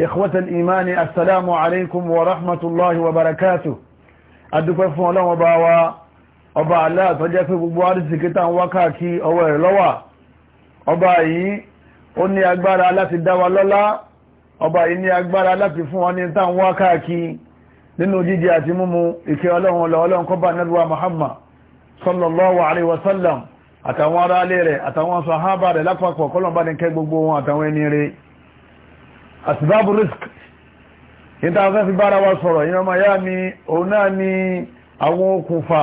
إخوة الإيمان السلام عليكم ورحمة الله وبركاته أدوكم فون الله وباوا ọba Allah tó jẹ́ pé gbogbo àrísìkítà ń wákàkí ọwọ́ ẹ̀ lọ́wà ọba yìí ó ní agbára láti dá wa lọ́lá ọba yìí ní agbára láti fún wa ní tàn wákàkí nínú jíjẹ àti múmu ìkẹ́ ọlọ́run ọlọ́run kọba nẹ́lúwà Muhammad sallallahu alaihi wasallam àtàwọn ará alẹ́ rẹ̀ àtàwọn sàhábà rẹ̀ lápapọ̀ kọlọ̀mbá ní kẹ́ gbogbo wọn àtàwọn ẹni rẹ̀ asbabu risk níta fẹ́ fi bára wa sọ̀rọ̀ yín ọmọ ìyá mi òun náà ni àwọn okùnfà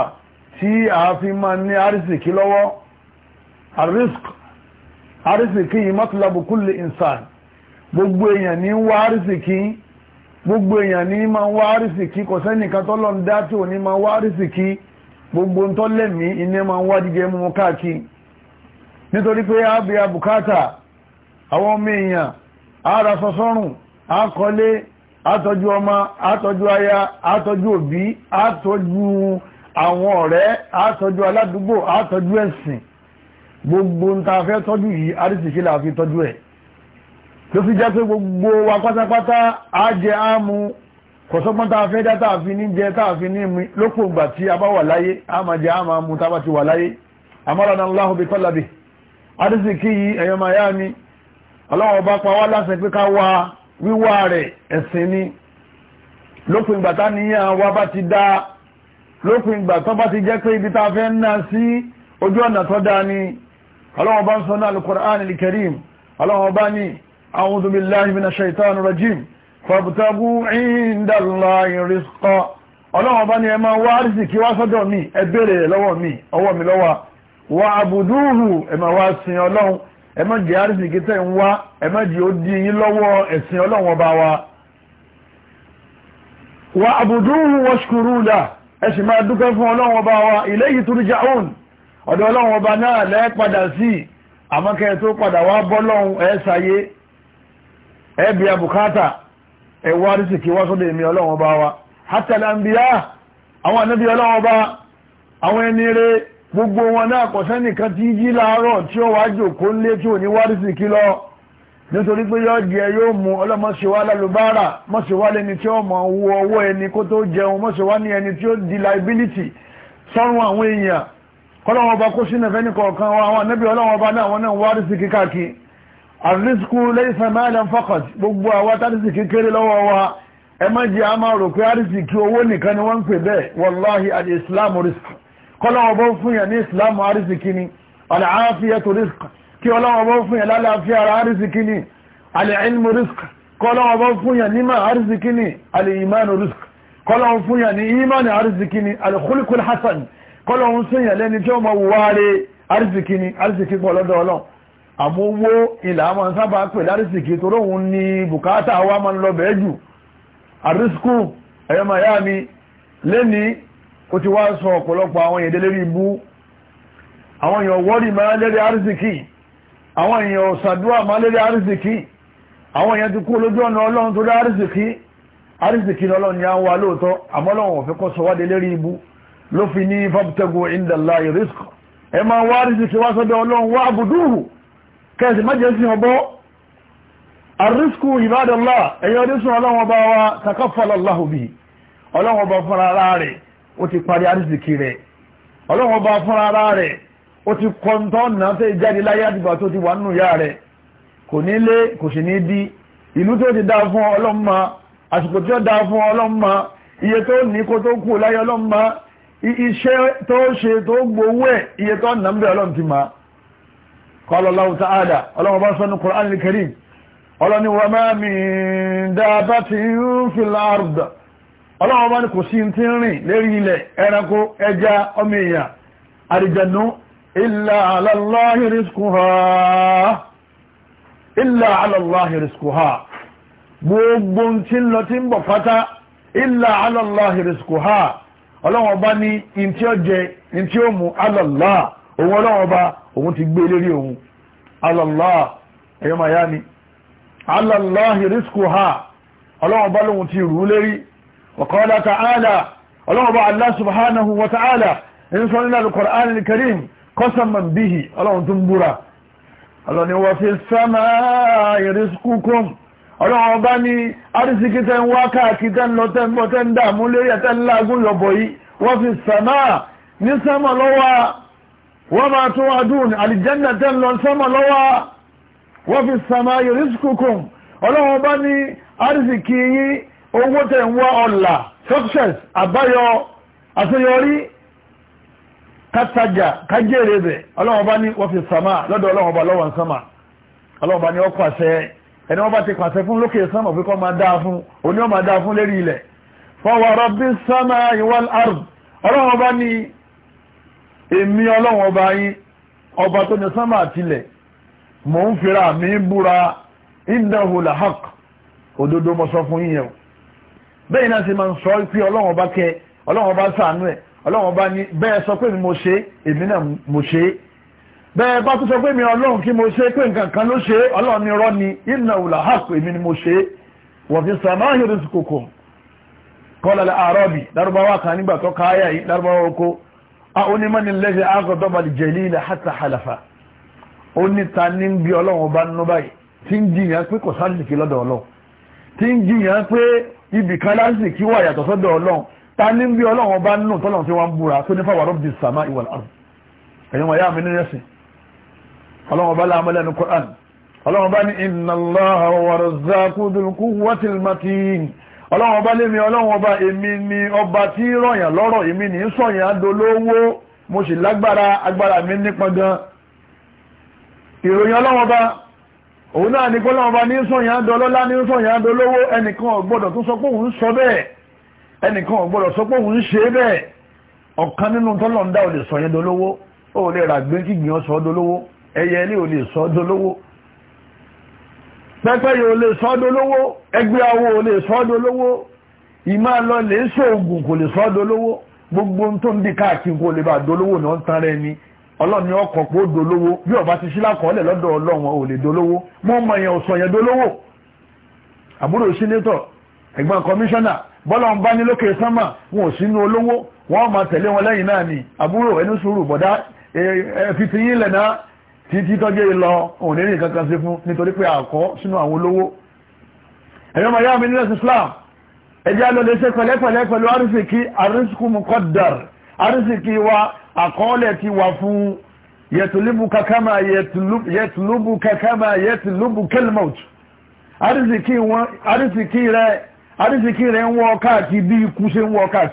tí a fi máa ní arísìkí lọ́wọ́ arisk arísìkí yìí matlabu kulli insan gbogbo èèyàn ní wá arísìkí gbogbo èèyàn ní máa wá arísìkí kò sẹ́nìkan tọ́lọ̀ ń dá tí ò ní máa wá arísìkí gbogbo tó lẹ́mí iná máa wá jíjẹ mú káàkiri nítorí pé a bí a bùkátà àwọn ọmọ èèyàn àràsọ sọ́rùn àkọlé àtọ́jú ọmọ àtọ́jú aya àtọ́jú òbí àtọ́jú àwọn ọ̀rẹ́ àtọ́jú aládùúgbò àtọ́jú ẹ̀sìn gbogbo ń ta fẹ́ tọ́jú yìí àríṣìṣe là fi tọ́jú ẹ̀ tó fi jẹ́ pé gbogbo wa pátápátá á jẹ áàmù kọ̀sọ́gbọ́n tá a fẹ́ dá tààfi ní jẹ tààfi ní mi lópò ìgbà tí a bá wà láyé a máa jẹ àmà mú wà láyé amọ́lànà aláhùn tọ́lábì àríṣìkí yìí ẹ̀yọ́ máa yá mi ọlọ́wọ́ bá pa wá láṣẹ pé ká wá wíwá rẹ̀ ẹ̀sìn ni lópin ìgbà tá níyàn wa bá ti dá lópin ìgbà tó bá ti jẹ́ pé ibi tá a fẹ́ ń ná sí ojú ọ̀nà tó dá ni ọlọ́wọ́ bá ń sọ náà al-Qur'an al-Karim ọlọ́wọ́ bá ní wa abuduhu ẹ wá sin ọlọ́run ẹ má jẹ́ nwa tẹ́ ń wá lọwọ esi jẹ́ ó wa wa àbùdúhù wọ́ṣkúrú là ẹ esi máa dúpẹ́ fún ọlọ́run ọba wa ilayhi turja'un ọ̀dọ̀ ọlọ́run ọba náà lẹ́ padà sí àmọ́kẹ́ tó padà wá bọ́lọ́run ẹ sàyé ẹ bí abùkátà ẹ wá àrísìkí wá sọ́dọ̀ èmi ọba wa àwọn ọba gbogbo wọn náà kọ̀sẹ́ nìkan tí jí láàárọ̀ tí ó wá jòkó lé tí ò ní wárísì kí lọ nítorí pé yóò jẹ yóò mú ọlọ́mọṣẹ́wá lálùbárà mọ́ṣẹ́wá lẹni tí ó mọ̀ owó ọwọ́ ẹni kó tó jẹun mọ́ṣẹ́wá ní ẹni tí ó di liability sọ́run àwọn èèyàn kọ́lọ́wọ́n ọba kó sínú ẹ̀fẹ́ nìkọ̀ọ̀kan wa àwọn anábì ọlọ́wọ́n ọba náà wọn náà wárísì kíkàkí àrísìkú lẹ́yìnfẹ́ mẹ́lẹ̀ fọ́kàt gbogbo ń pè risk kọ́lọ́wọ́ bó fún yẹn ní islam arísìkí ni àlàáfíyàtò risk kí ọlọ́wọ́ bó fún yẹn lálàáfíà ara arísìkí ni alìlmù risk kọ́lọ́wọ́ bó fún yẹn nímọ̀ arísìkí ni alìmánu risk kọ́lọ́wọ́ fún yẹn ní imánu arísìkí ni alìkúlùkùl hasan kọ́lọ́wọ́ fún yẹn lẹ́ni tí ó mọ wáre arísìkí ni arísìkí pọ̀ lọ́dọ̀ ọlọ́ àmúwó ilà máa ń sábà pè lárísìkí tó lóhun ní bùkátà wa máa ó ti wá sọ ọ̀pọ̀lọpọ̀ àwọn èdè lérí ibú àwọn èèyàn wọ́rì máa lérí àrísìkì àwọn èèyàn ṣàdúrà máa lérí àrísìkì àwọn èèyàn ti kú lójú ọ̀nà ọlọ́run tó dá àrísìkì àrísìkì lọ́lọ́run ni a ń wa lóòótọ́ àmọ́ lọ́wọ́n òfin kọ́ sọwádé lérí ibú ló fi ní fabtagu indala irisk ẹ máa wá àrísìkì wá sọ́dọ̀ ọlọ́run wá àbùdúhù kẹsì má jẹ́ sí ọbọ́ àrísìkù ìbádọ́lá ẹ̀yọ́ ọdún sún ọlọ́run ọba wa takaffalallahu bihi ọlọ́run ọba fúnra rẹ̀ ó ti parí àrísìkí rẹ̀ ọlọ́run ọba fún ara rẹ̀ ó ti kọ́ńtọ́ náà tẹ́ ìjáde láyé àtìgbà tó ti wà nínú ìyá rẹ̀ kò ní lé kò sì ní dí ìlú tó ti dá fún ọlọ́mọ àsìkò tí ó dá fún ọlọ́mọ iye tó ní kó tó kú láyé ọlọ́mọ iṣẹ́ tó ṣe tó gbowó ẹ̀ iye tó nà ń bẹ̀ ọlọ́run ti máa قال الله تعالى اللهم بارك في القرآن الكريم قال وما من دابة في الأرض ọlọ́run bá ní kò sí tí ń rìn lérí ilẹ̀ ẹranko ẹja ọmọ èèyàn àrìjànú illa ala Allahi rizquha illa ala Allahi rizquha gbogbo tí ń lọ tí ń bọ̀ pátá illa ala Allahi rizquha ọlọ́run bá ní ìntí ọjẹ ìntí ó mú ala Allah òun ọlọ́run bá òun ti gbé e lérí òun ala Allah ẹ̀yọ́ màyá ni ala Allahi bá lóhun ti rú lérí وقال تعالى الله الله سبحانه وتعالى إن صلنا القرآن الكريم قسما به الله تنبرا الله نوى في السماء رزقكم الله أباني أرزك تنواكا كتن لتن بتن دامولي يتلاقون لبوي وفي السماء نسمى لوا وما توعدون على الجنة لنسمى لوا وفي السماء رزقكم الله أباني أرزكي owó tẹ̀ ń wá ọ̀la success àbáyọ àṣeyọrí kátajà kájèrè bẹ̀ ọlọ́wọ́n ní wọ́n fi sàmà lọ́dọ̀ ọlọ́wọ́n lọ́wọ́n sàmà ọlọ́wọ́n ní pàṣẹ ẹni wọ́n bá ti pàṣẹ fún lókè sàmà fi kọ́ máa dáa fún òní wọ́n dáa fún lérí ilẹ̀ bẹ́ẹ̀ náà sì máa ń sọ pé ọlọ́run bá kẹ ọlọ́run bá sàánú ẹ̀ ọlọ́run bá ní bẹ́ẹ̀ sọ pé mo ṣe èmi náà mo ṣe bẹ́ẹ̀ bá tó sọ pé mi ọlọ́run kí mo ṣe pé nǹkan kan ló ṣe ọlọ́run ni rọ́ ni ìnà òlà hàkù èmi ni mo ṣe wọ̀fi sàmá yóò ti kòkò kọ́lá àrọ́bì lárúbáwá kan nígbà tó káyà yìí lárúbáwá oko a onímọ̀ni lẹ́sẹ̀ àgọ́dọ́bàlì jẹ̀lí ilẹ̀ hàtà halafa ó ní ta ní bí ọlọ́run bá nú báyìí tí ń jiyàn pé kò sáàlì kí lọ́dọ̀ ọlọ́run tí ń jiyàn pé ibì kan láti kí wà yàtọ̀ sọ́dọ̀ ọlọ́run ta ní bí ọlọ́run bá nù tọ́lọ́run tí wọ́n ń búra tó ní fáwọn rọ́bì sàmá ìwà àrùn ẹ̀yìn wọ̀nyá mi nínú ẹ̀sìn ọlọ́run bá láàmú lẹ́nu Qur'an ọlọ́run bá ní inna Allaha wa razzaqu dhul quwwatil matin ọlọ́run bá lémi ọlọ́run bá èmi ni ọba tí rọ̀yàn lọ́rọ̀ èmi ní sọ̀yàn adolówó mo sì lágbára agbára mi nípọn gan ìròyìn ọlọ́run bá òun náà ní gbọ́lọ́ ọba ní sọ̀yà ń dọlọ́lá ní sọ̀yà ń dolówó ẹnìkan ò gbọ́dọ̀ tó sọ pé òun sọ bẹ́ẹ̀ ẹnìkan ò gbọ́dọ̀ sọ pé òun ṣe bẹ́ẹ̀ ọ̀kan nínú tọ́lọ̀ ń dá ò lè sọ yẹn dolówó ó lè rà gbé kí gbìyàn sọ dolówó ẹyẹ ilé ò lè sọ dolówó pẹ́pẹ́yẹ ò lè sọ dolówó ẹgbẹ́ awo ò lè sọ dolówó ìmá lọ lè sọ ògùn kò lè sọ dolówó gbogbo tó ń dì káàkiri kò lè bà dolówó náà ń tan rẹ ni ọlọ́run ni ọkọ̀ pé ó dolówó bí ọba ti sílá kọ́ ọ́lẹ̀ lọ́dọ̀ ọlọ́run ò lè dolówó mọ́ ọmọ yẹn ọ̀sọ̀ yẹn dolówó àbúrò sínétọ̀ ẹ̀gbọ́n kọmíṣánná bọ́lá ń bá ní lókè sánmà wọn ò sínú olówó wọ́n máa tẹ̀lé wọn lẹ́yìn náà ni àbúrò ẹnu sùúrù bọ̀dá fi ti yín lẹ̀ná títí tọ́jú ìlọ òun ní nǹkan kan sí fún nítorí pé àkọ́ sínú àwọn olówó ẹ̀yọ́ Islam ẹjẹ́ lọ lè ṣe pẹ̀lẹ́pẹ̀lẹ́ pẹ̀lú arísìkí arísìkí wa àkọọ́lẹ̀ ti wà fún yẹtùlúbùkà kama yẹtùlúbùkà kama yẹtùlúbùkà kalmout arísìkí rẹ̀ ń wọ́ bí ikú ṣe ń wọ́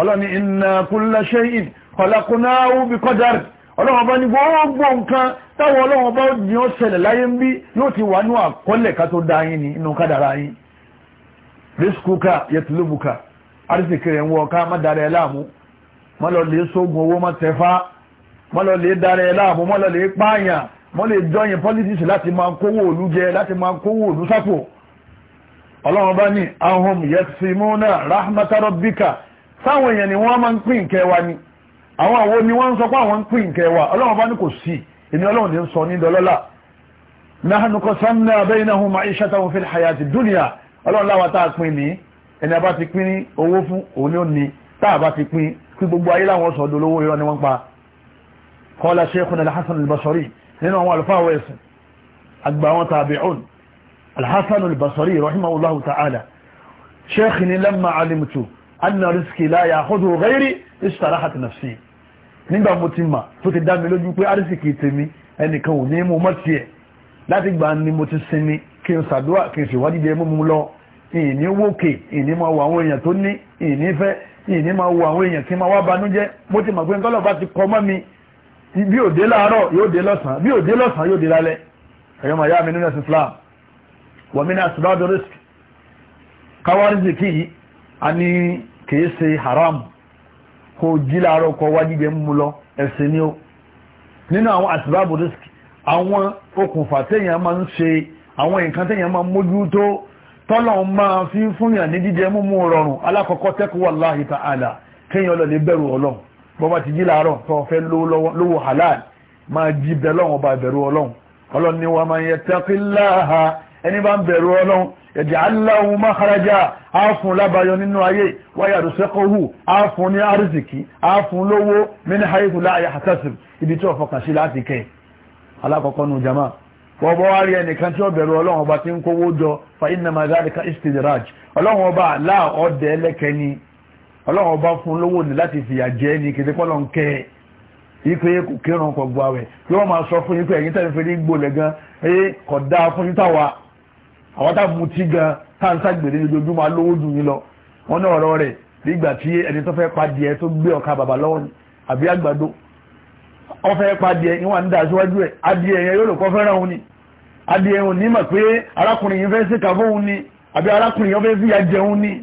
ọlọ́ni inna kulla shay'in khalaqnahu bi qadar ọlọ́wọ́n bá ní gbogbo nǹkan táwọn ọlọ́wọ́n bá ní ó ṣẹlẹ̀ láyé ń bí yóò ti wà ní àkọọ́lẹ̀ ká tó yín ní inú kádàrá yín yẹtùlúbùkà mọ́ lọ lè sógun owó mọ́ tẹ̀fá mọ́ lọ lè darẹ̀ láàmú mọ́ lọ lè pààyàn mọ́ lè jọyìn politics láti máa kówó òlú jẹ láti máa kówó òlú sápò ọlọ́run bá ní ahum yẹtìmúnà rahmatarobika sáwọn èèyàn ni wọ́n máa ń pín ìkẹwà ni àwọn àwo ni wọ́n ń sọ pé àwọn ń pín ìkẹwà ọlọ́run bá ní kò sí èmi ọlọ́run ní ń sọ ní dọlọ́lá nahnu qasamna baynahum ma'ishatahum fil hayati dunya ọlọ́run láwa tá a pín ní ẹni a bá ti pín owó fún òun ní tá a bá ti pín kí gbogbo ayé láwọn sọ̀dọ̀ lówó irọ́ ni wọ́n pa kọ́lá sheikhun alhassan albasari nínú àwọn alfáwọ̀ ẹ̀sìn àgbà wọn tàbí'un alhassan albasari rahimahullahu ta'ala sheikh ni lamma alimtu anna riski la ya hudu gairi istarahat nafsi nígbà mo ti mà tó ti dá mi lójú pé arísìkì tèmi ẹnìkan ò ní mú mọ́ tiẹ̀ ìní máa wo àwọn èèyàn kí n máa wá banújẹ́ mo ti mọ̀ pé nǹkan lọ́ba ti kọ́ mọ́ mi bí òde láàárọ̀ yóò dé lọ́sàn-án bí òde lọ́sàn-án yóò dé lálẹ́ ẹ̀yọ́ màá yá mi nínú ẹ̀sìn Islam wọ̀mí ní asibádo risk káwárísì kì í a ní kìí ṣe haram kò jí láàárọ̀ kọ wá jíjẹ mú lọ ẹ̀sìn ni ó nínú àwọn asibádo risk àwọn okùnfà téèyàn máa ń ṣe àwọn nǹkan téèyàn máa ń mójútó tọ́lọ̀ máa fi fúnyàn ní jíjẹ múmú rọrùn alákọ̀ọ́kọ́ tẹ́kù wallahi ta'ala kéèyàn lọ lè bẹ̀rù ọlọ́run bọ́bá ti jí láàárọ̀ tó fẹ́ lówó halal máa jí bẹ̀lọ́run ọba bẹ̀rù ọlọ́run ọlọ́run ni wa man yattaqillaha ẹni bá ń bẹ̀rù ọlọ́run yaj'al lahu makhraja àáfún lábáyọ nínú ayé wa yarzuqhu àáfún bọ́bọ́ wá rí ẹnìkan tí ó bẹ̀rù ọlọ́run ọba tí ń kówó jọ fa iná mazalika istidraj ọlọ́run ọba láà ọdẹ ẹlẹ́kẹ́ ni ọlọ́run ọba fún lówó ní láti fìyà jẹ ni kété pọ́lọ́ ń kẹ́ ipe kò kírun kọ gbọ́ àwẹ̀ tí wọ́n máa sọ fún yín pé ẹ̀yin tẹ̀lé fi ní gbolẹ̀ gan ẹ kọ̀ dá fún yín táwa àwọn tá a mutí gan tá a ságbèrè ní ojoojúmọ́ alówó dùn yín lọ wọn ní ọ̀rọ̀ rẹ̀ nígbà tí ẹni tó fẹ́ padì ẹ tó gbé ọ̀ka bàbá lọ́wọ́ àbí àgbàdo ọfẹ́ padìẹ níwà ń dà síwájú ẹ̀ adìẹ yẹn yóò lò kọ́ fẹ́ràn òun ni adìẹ òun ní mọ̀ pé arákùnrin yìí fẹ́ síkà fóun ni àbí arákùnrin yìí fẹ́ fìyà jẹun ni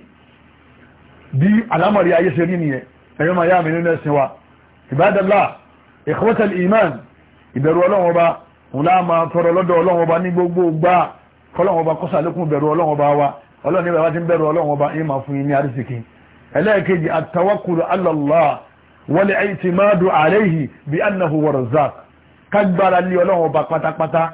bí alámọ̀rí ayé ṣe rí nìyẹn ẹ̀yọ́ máa yá mi nínú ẹ̀sìn wa ìbádọ́lá ìkọ́tẹ̀lì imán ìbẹ̀rù ọlọ́run ọba òun láà máa tọrọ lọ́dọ̀ ọlọ́run ọba ní gbogbo wọlé ìtìmọ́dù àlẹ́yìí bí annahu warzak kágbára lé ọlọ́run ọba pátápátá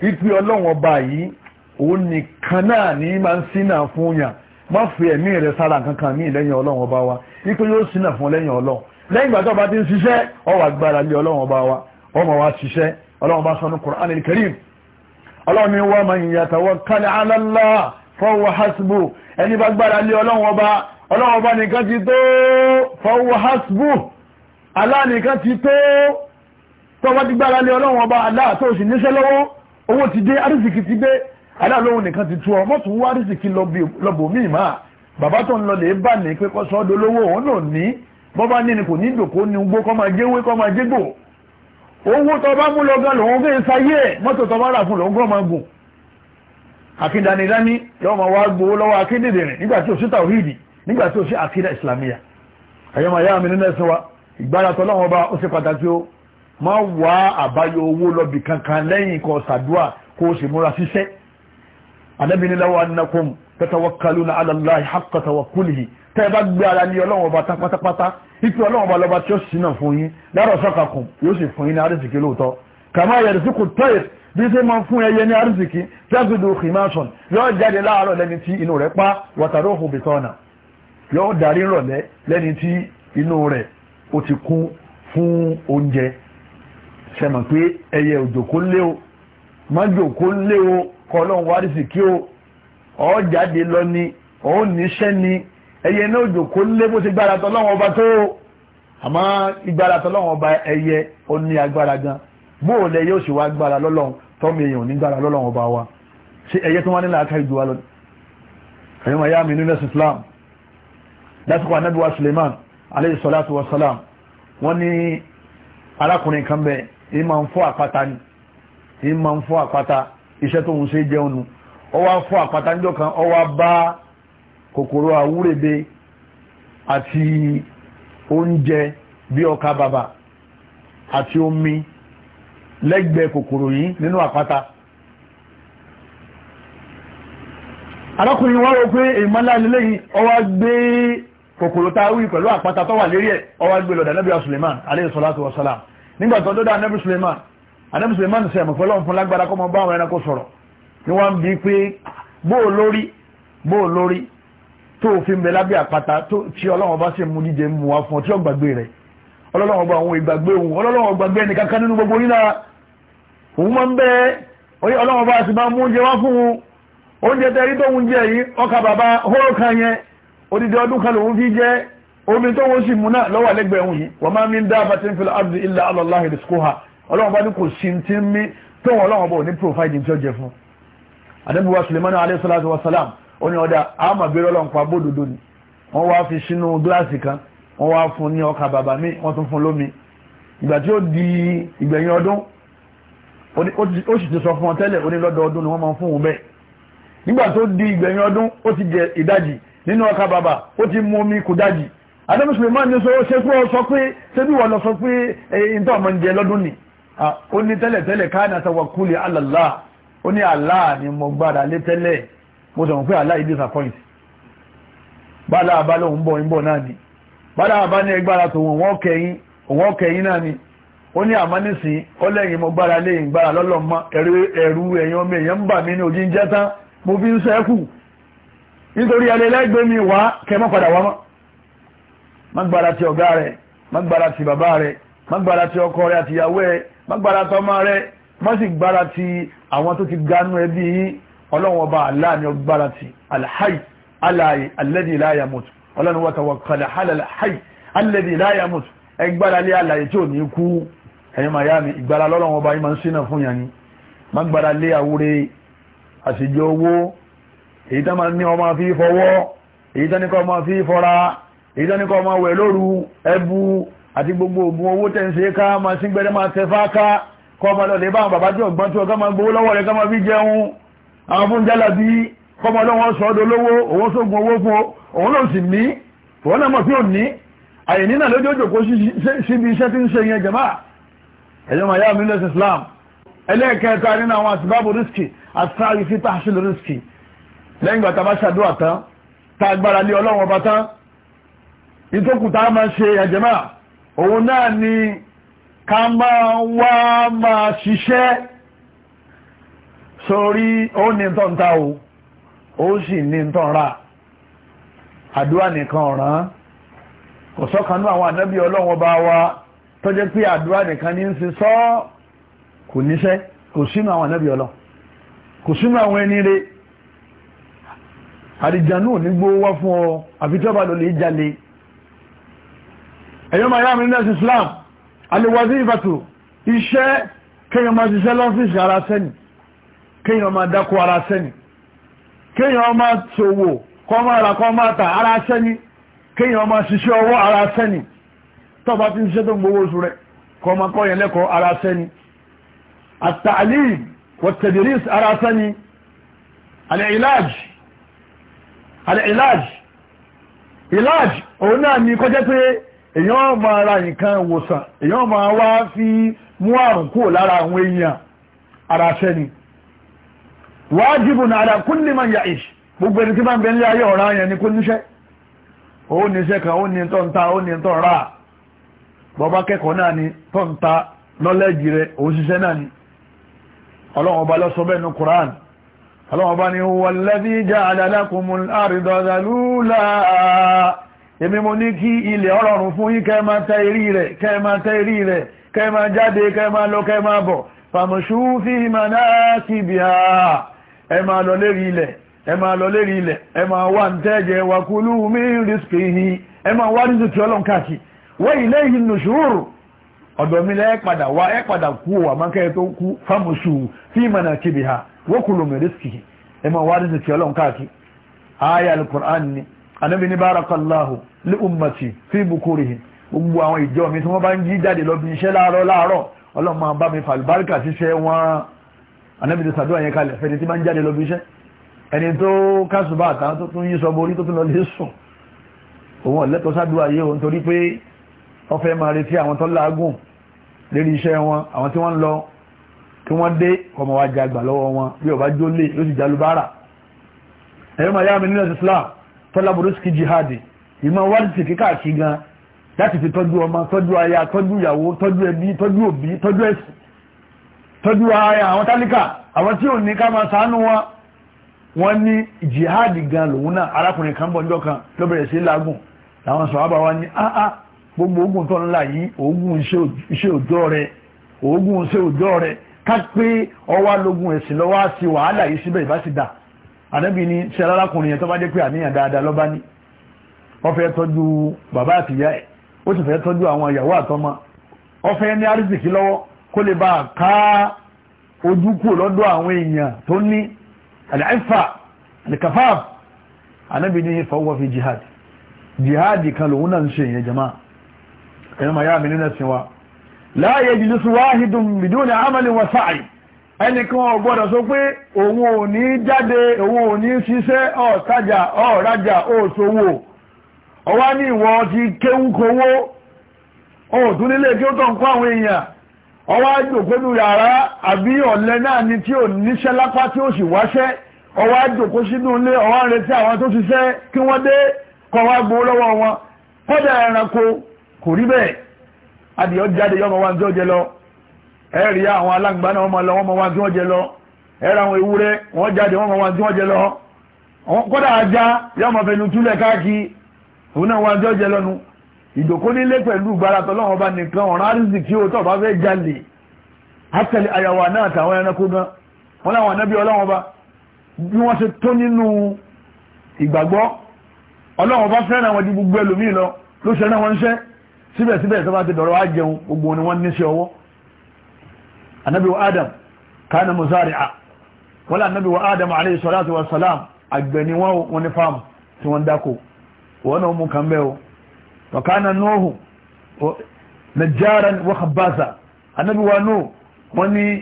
ipi ọlọ́run ọba yìí òun nìkan náà ní máa ń sínà fún yàn má fi ẹ̀mí rẹ̀ sára kankan míì lẹ́yìn ọlọ́run ọba wa ipe yóò sínà fún lẹ́yìn ọlọ́run lẹ́yìn ìgbà tó ọba ti ń ṣiṣẹ́ ọwà gbára lé ọlọ́run ọba wa ọmọ wa ṣiṣẹ́ ọlọ́run ọba sọ ní Qur'an al-Karim ọlọ́run ni wa man yatawakkal ala Allah fa huwa hasbu ẹni bá gbára lé ọlọ́run bá. ọlọ́run ọba nìkan ti tó fọwọ́ hasbú Allah nìkan ti tó tọ́wọ́ ti gbára lé ọlọ́run ọba Allah tó sì níṣẹ́ lọ́wọ́ owó ti dé arísìkì ti dé Allah lóhun nìkan ti tú ọ mọ́tò wá arísìkì lọ́bọ̀ míì máa bàbá tó ń lọ lè bà ní pé kọ́sọ́ ọdọ lówó òun náà ní bọ́bá ní ni kò ní ìdòkó ní ugbó kọ́ máa jẹ́wé kọ́ máa jẹ́gbò owó tó bá mú lọ gan lòun fẹ́ sáyé mọ́tò tó bá rà fún lòun gan máa gùn akíndanidání yọ́ máa wá gbowó lọ́wọ́ akíndìdìrín nígbà tí òṣìṣẹ́ tàwíìdì nígbà tí ó ṣe àkídà islamiyya ẹ̀yọ́mọ̀ ayá mi nínú ẹ̀sìn wa ìgbáratọ̀ lọ́wọ́ bá ó ṣe pàtàkì ó má wá àbáyọ owó lọ́bì kankan lẹ́yìn kó sàdúà kó sì múra síṣẹ́ anábìnilẹ́wọ̀ annakum tatawakkaluna ala Allahi haqqa tawakkulihi tẹ́ bá gbé ara ní ọlọ́wọ́ bí ṣe máa fún ẹyẹ ní àrísìkí tẹ́sùdù kìmáṣọ̀n yóò jáde láàárọ̀ lẹ́ni tí inú rẹ̀ pa wàtàróhùn bìtọ́nà yóò darí rọ̀lẹ́ lẹ́ni tí inú rẹ̀ ó ti kún fún oúnjẹ sẹ́mọ̀ pé ẹyẹ òjòkó lé o májòkó lé o kọlọ́n wárísì kí o ọ jáde lọ ni ọ níṣẹ́ ni ẹyẹ náà òjòkó lé bó ti gbára tọ́lọ́wọ́n ọba tó o àmọ́ ìgbára tọ́lọ́wọ́n ọba ẹyẹ ó ní agbára gan bóò lẹ yóò ṣe wá gbára lọ́lọ́run tọ́mọ èèyàn ní gbára lọ́lọ́run ọba wa ṣé ẹyẹ tó wá nílà aká ìjọ wa lọ ẹ̀yọ́ màá mi nínú ẹ̀sìn Islam lásìkò anábíwá suleiman alayhi salatu wa salam wọ́n ní arákùnrin kan bẹ̀ ìmọ̀ ń fọ́ àpáta ni ìmọ̀ ń fọ́ àpáta iṣẹ́ tó ń ṣe jẹun nu ó wá fọ́ àpáta níjọ́ kan ó wá bá kòkòrò àwúrèbe àti oúnjẹ bí ọkà bàbà àti omi lẹ́gbẹ̀ẹ́ kòkòrò yìí nínú àpáta arákùnrin wá rò pé ìmọ̀lá ilé yìí ó gbé kòkòrò tá a wí pẹ̀lú àpáta tó wà lérí ẹ̀ ọwá gbé lọ́dà Suleiman alayhi salatu wa salam nígbà tó dọ́dà nẹ́bí Suleiman anẹ́bí Suleiman sẹ̀mù fọlọ́n fún lágbára kọ́mọ bá àwọn ẹranko sọ̀rọ̀ ni wọ́n bí pé bó lórí bó lórí tó òfin bẹ lábẹ́ àpáta tí Ọlọ́run bá sì mú jíjẹ mú wa fún ọ tí ó gbàgbé rẹ̀ Ọlọ́run bá òun ìgbàgbé òun Ọlọ́run gbàgbé ẹnì kankan nínú gbogbo yín lára òun máa ń bẹ Ọlọ́run bá sì máa mú oúnjẹ wá fún un odidi ọdún kan lòun fi jẹ́ omi tó wọ́n sì mú náà lọ́wọ́ lẹ́gbẹ̀ẹ́ òun yìí wọ́n máa ń dá bá ti ń fi abdi illa alọ́láhì rìskóhà ọlọ́run bá ní kò sí ti ń mí tó wọn ọlọ́run bọ̀ ní profile tí ó jẹ fún adébúwa sulemanu aleyhisalatu wasalam ó ní ọ̀dà àmà bèrè ọlọ́run pa bódodo ni wọ́n wá fi sínú gíláàsì kan wọ́n wá fún ní ọkà bàbà mi wọ́n tún fún lómi ìgbà tí ó di ìgbẹ̀yìn ọdún ó sì ti sọ fún ọ tẹ́lẹ̀ ó ni wọ́n máa fún òun bẹ́ẹ̀ nígbà tó di ìgbẹ̀yìn ọdún ó ti jẹ ìdajì nínú ọkà bàbà ó ti mú omi kò dájì adé musulman ní sọ ṣe pé ọ sọ pé ṣébí ntọ lọ sọ pé ẹ̀yìn tó ọmọ ìjẹ lọdún ni ó ní tẹ́lẹ̀tẹ́lẹ̀ káàna ó ní Allah ni mo gbára lé mo sọ pé bàlá àbá bọ̀ ń bọ̀ náà ni bàlá àbá ní ẹgbára tó wọn ọkẹyìn náà ni ó ní ó lẹ́yìn mo gbára lé ìgbára ọmọ nítorí alẹ́lẹ́gbẹ́ mi wá kẹmọ́ padà wá mọ́ magbára ti ọ̀gá rẹ̀ magbára ti bàbá rẹ̀ magbára ti ọkọ rẹ̀ àti ìyàwó ẹ̀ magbára tọmọ rẹ̀ má sì gbára ti àwọn tó ti gánú ẹbí yín ọlọ́run ọba Allah ni ọgbára ti alhayy alaye alladhi la yamut ọlọ́run wa tawakkala ala alhayy la yamut ẹgbára lé alaye tí ò ní kú ẹ̀yìn miami ìgbára lọ́lọ́run ni magbára lé àwúre èyí tán máa ní ọmọ fi fọwọ́ èyí tán ní kọ́ ọmọ fi fọra èyí tán ní kọ́ ọmọ wẹ̀ lóru ẹbu àti gbogbo ògùn owó tẹ̀ ń ṣe ká máa sí gbẹ́rẹ́ máa tẹfá ká kọ́ ọmọ lọ́dẹ̀ bá àwọn bàbá tí ọ̀gbọ́n tí ọ̀gá máa gbowó lọ́wọ́ rẹ̀ ká máa fi jẹun àwọn fún jálàbí kọ́mọ lọ́wọ́ sọ Islam ẹlẹ́ẹ̀kẹta nínú àwọn àtibábò rísìkì àti sáré fítà lẹ́yìn ìgbà tá a bá ṣàdúrà tán tá a gbára lé ọlọ́run ọba tán ìtókù tá máa ṣe ẹ̀jẹ̀mà òun náà ni ká máa wá máa ṣiṣẹ́ sórí ó ní tọ́ ń ta o ó sì ní tọ́ ń ra àdúrà nìkan ọ̀ràn kò sọ́kanú àwọn ànábì ọlọ́run ọba wa tó jẹ́ pé àdúrà nìkan ní ń ṣe sọ́ kò níṣẹ́ kò sínú àwọn ànábì ọlọ́run kò sínú àwọn ẹni rẹ̀ àdìjànú ò ní gbówó wá fún ọ àfi tí ó bá lọ lè jalè ẹ̀yọ́ máa yá mi nẹ́sì Islam alẹ́wàzí ìfàtò iṣẹ́ kéèyàn máa ṣiṣẹ́ lọ́fíìsì ara sẹ́ni kéèyàn máa dákó ara sẹ́ni kéèyàn máa ṣòwò kọ́ máa rà kọ́ máa tà ara sẹ́ni kéèyàn máa ṣiṣẹ́ ọwọ́ ara sẹ́ni Ala ìláàjì òun náà ni kọjẹ́ pé èyàn máa ra nǹkan ìwòsàn èyàn máa wá fi mú àrùn kúrò lára àwọn èèyàn ara ni wájibun ala kulli man ya'ish gbogbo ẹni tí bá ń bẹ nílé ayé ọ̀rá yẹn ni kó níṣẹ́ ó níṣẹ́ kan ó ní tọ́ ó ní bọ́bá kẹ́kọ̀ọ́ náà ni tọ́ lọ́lẹ́jì rẹ̀ òun ṣiṣẹ́ náà ni ọlọ́run ọba ọlọ́wọ́n bá ní wọ̀lẹ́bí já àdàlákùnmù àrídọ̀dàlúlà èmi mo ní kí ilẹ̀ ọ̀rọ̀rùn fún yí kẹ́ máa tẹ irí rẹ̀ kẹ́ máa tẹ irí rẹ̀ kẹ́ máa jáde kẹ́ máa lọ kẹ́ máa bọ̀ fàmùsù fi màná sí ibi ha ẹ máa lọ lérí ilẹ̀ ẹ máa lọ lérí ilẹ̀ ẹ máa wà ń tẹ́jẹ wà kúlú mi rìsíkì yìí ẹ máa wá ní tuntun ọlọ́run káàkiri wọ́n ilé yìí nùsùúrù ọ̀dọ̀ mi lẹ́ padà wá ẹ padà kú wà mákẹ́ tó kú fàmùsù fi màná sí ibi ha wọ́kùlù mẹ́rin sí ẹ ma wá rízìkì ọlọ́run káàkiri ayé alukur'an ni anábi ní bárakàláhù lé ummati fi bukurihi gbogbo àwọn ìjọ mi tí wọ́n bá ń jí jáde lọ bí iṣẹ́ láàárọ̀ láàárọ̀ ọlọ́run máa bá mi fàlùbáríkà ṣiṣẹ́ wọn anábi ti sàdúrà yẹn kalẹ̀ fẹ́ni tí máa ń jáde lọ bí iṣẹ́ ẹni tó kásùbà àtà tó tún yí sọ borí tó tún lọ lè sùn òun ọ̀lẹ́tọ̀ sàdúrà yìí òun torí pé ó máa retí àwọn tó lérí iṣẹ́ wọn àwọn tí wọ́n ń lọ kí wọ́n dé ọmọ wa jagbà lọ́wọ́ wọn bí ọba jó lè ló sì jalubára ẹ̀yọ́ ma yá mi nílẹ̀ Islam tọ́lá burúkú jihadi ìmọ̀ wádìí kíkà kí gan láti fi tọ́jú ọmọ tọ́jú aya tọ́jú ìyàwó tọ́jú ẹbí tọ́jú òbí tọ́jú ẹ̀sìn tọ́jú aya àwọn tálíkà àwọn tí ò ní ká máa ṣàánú wọn wọ́n ní jihadi gan lòun náà arákùnrin kan bọ̀ njọ́ kan ló bẹ̀rẹ̀ sí lágùn làwọn sọ̀rọ̀ wa ní ah, ah gbogbo ogun tọ́nu láyìí ogun iṣẹ́ òjọ́ rẹ̀ ogun iṣẹ́ òjọ́ rẹ̀ ká pé ọwá lógún ẹ̀sìn lọ́wọ́ á sí wàhálà yìí síbẹ̀ ìbá sì dà ànábì ni ṣe alárakùnrin yẹn tó bá jẹ́ pé àníyàn dáadáa ló bá ní ó fẹ́ tọ́jú bàbá àtìyá ẹ̀ ó sì fẹ́ tọ́jú àwọn ìyàwó àtọmọ ó fẹ́ ní àrísìkí lọ́wọ́ kó lè bá ká ojú kúrò lọ́dọ̀ àwọn èèyàn tó ní àdáìfà àdìkàfáàf ànábì ni fọwọ́ fi jihad jihad kan lòun náà ń ṣe ìyẹn jama ẹ̀rọ wa la yajlisu wahidun biduni amalin wa sa'i ẹnìkan ò gbọ́dọ̀ sọ pé òun ò ní jáde òun ò ní ṣiṣẹ́ ọ̀tajà ọ̀rajà òṣòwò ọwá ní ìwọ ti kéhùnkowó òtún nílé kí ó tọ́ ń kọ́ àwọn èèyàn ọwá jòkónú yàrá àbí náà ni tí ò níṣẹ́ lápá tí ó sì wáṣẹ́ ọwá jòkó sínú ilé ọwá ń retí àwọn tó ṣiṣẹ́ adìyọ jáde yọmọ wa tí ó jẹ lọ ẹ̀rí àwọn alágbà náà wọ́n lọ wọ́n mọ wa tí wọ́n jẹ lọ ẹ̀rí àwọn ewúrẹ́ wọn jáde wọ́n mọ wa tí jẹ lọ kódà ajá yọmọ fẹnu túlẹ̀ káàkiri òun náà wa tí ó jẹ ìdòkó nílé pẹ̀lú ìgbàratọ̀ lọ́wọ́ bá nìkan ó bá jalè àyàwó náà tàwọn ẹranko gan wọn bá bí ṣe tó nínú bá àwọn gbogbo ẹlòmíì síbẹ̀síbẹ̀ tó bá ti dọ̀rọ̀ ajẹun gbogbo ni wọ́n níṣẹ́ ọwọ́ anábí wa adam kana muzari'a wọ́n anábí wa adam alayhi salatu wa salam àgbẹ̀ ni wọ́n wọ́n ní fáàmù tí wọ́n dákò wọ́n náà mú kan bẹ́ẹ̀ wa kana nuhu najjaran wa khabbasa anábí wa nuhu wọ́n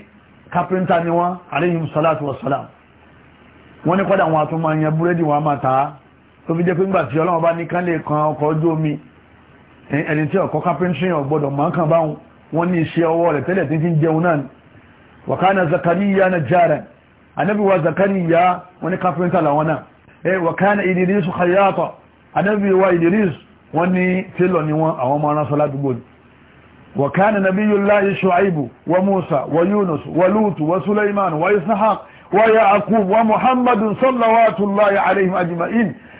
ẹni tí ọkọ kápẹ́ntì ọgbọ́dọ̀ máa ń kàn bá wọn ní iṣẹ́ ọwọ́ rẹ̀ tẹ́lẹ̀ tí ń jẹun náà wakana zakariya na jaran anabi wa zakariya wani kápẹ́ntà làwọn náà eh wakana idris khayata anabi wa idris wani telo ni wọn àwọn ọmọ aránsọ ládùúgbò ni wakana nabiyullahi shu'aibu wa musa wa yunus wa lutu wa sulaiman wa ishaq wa yaqub wa muhammadun sallallahu alayhi ajma'in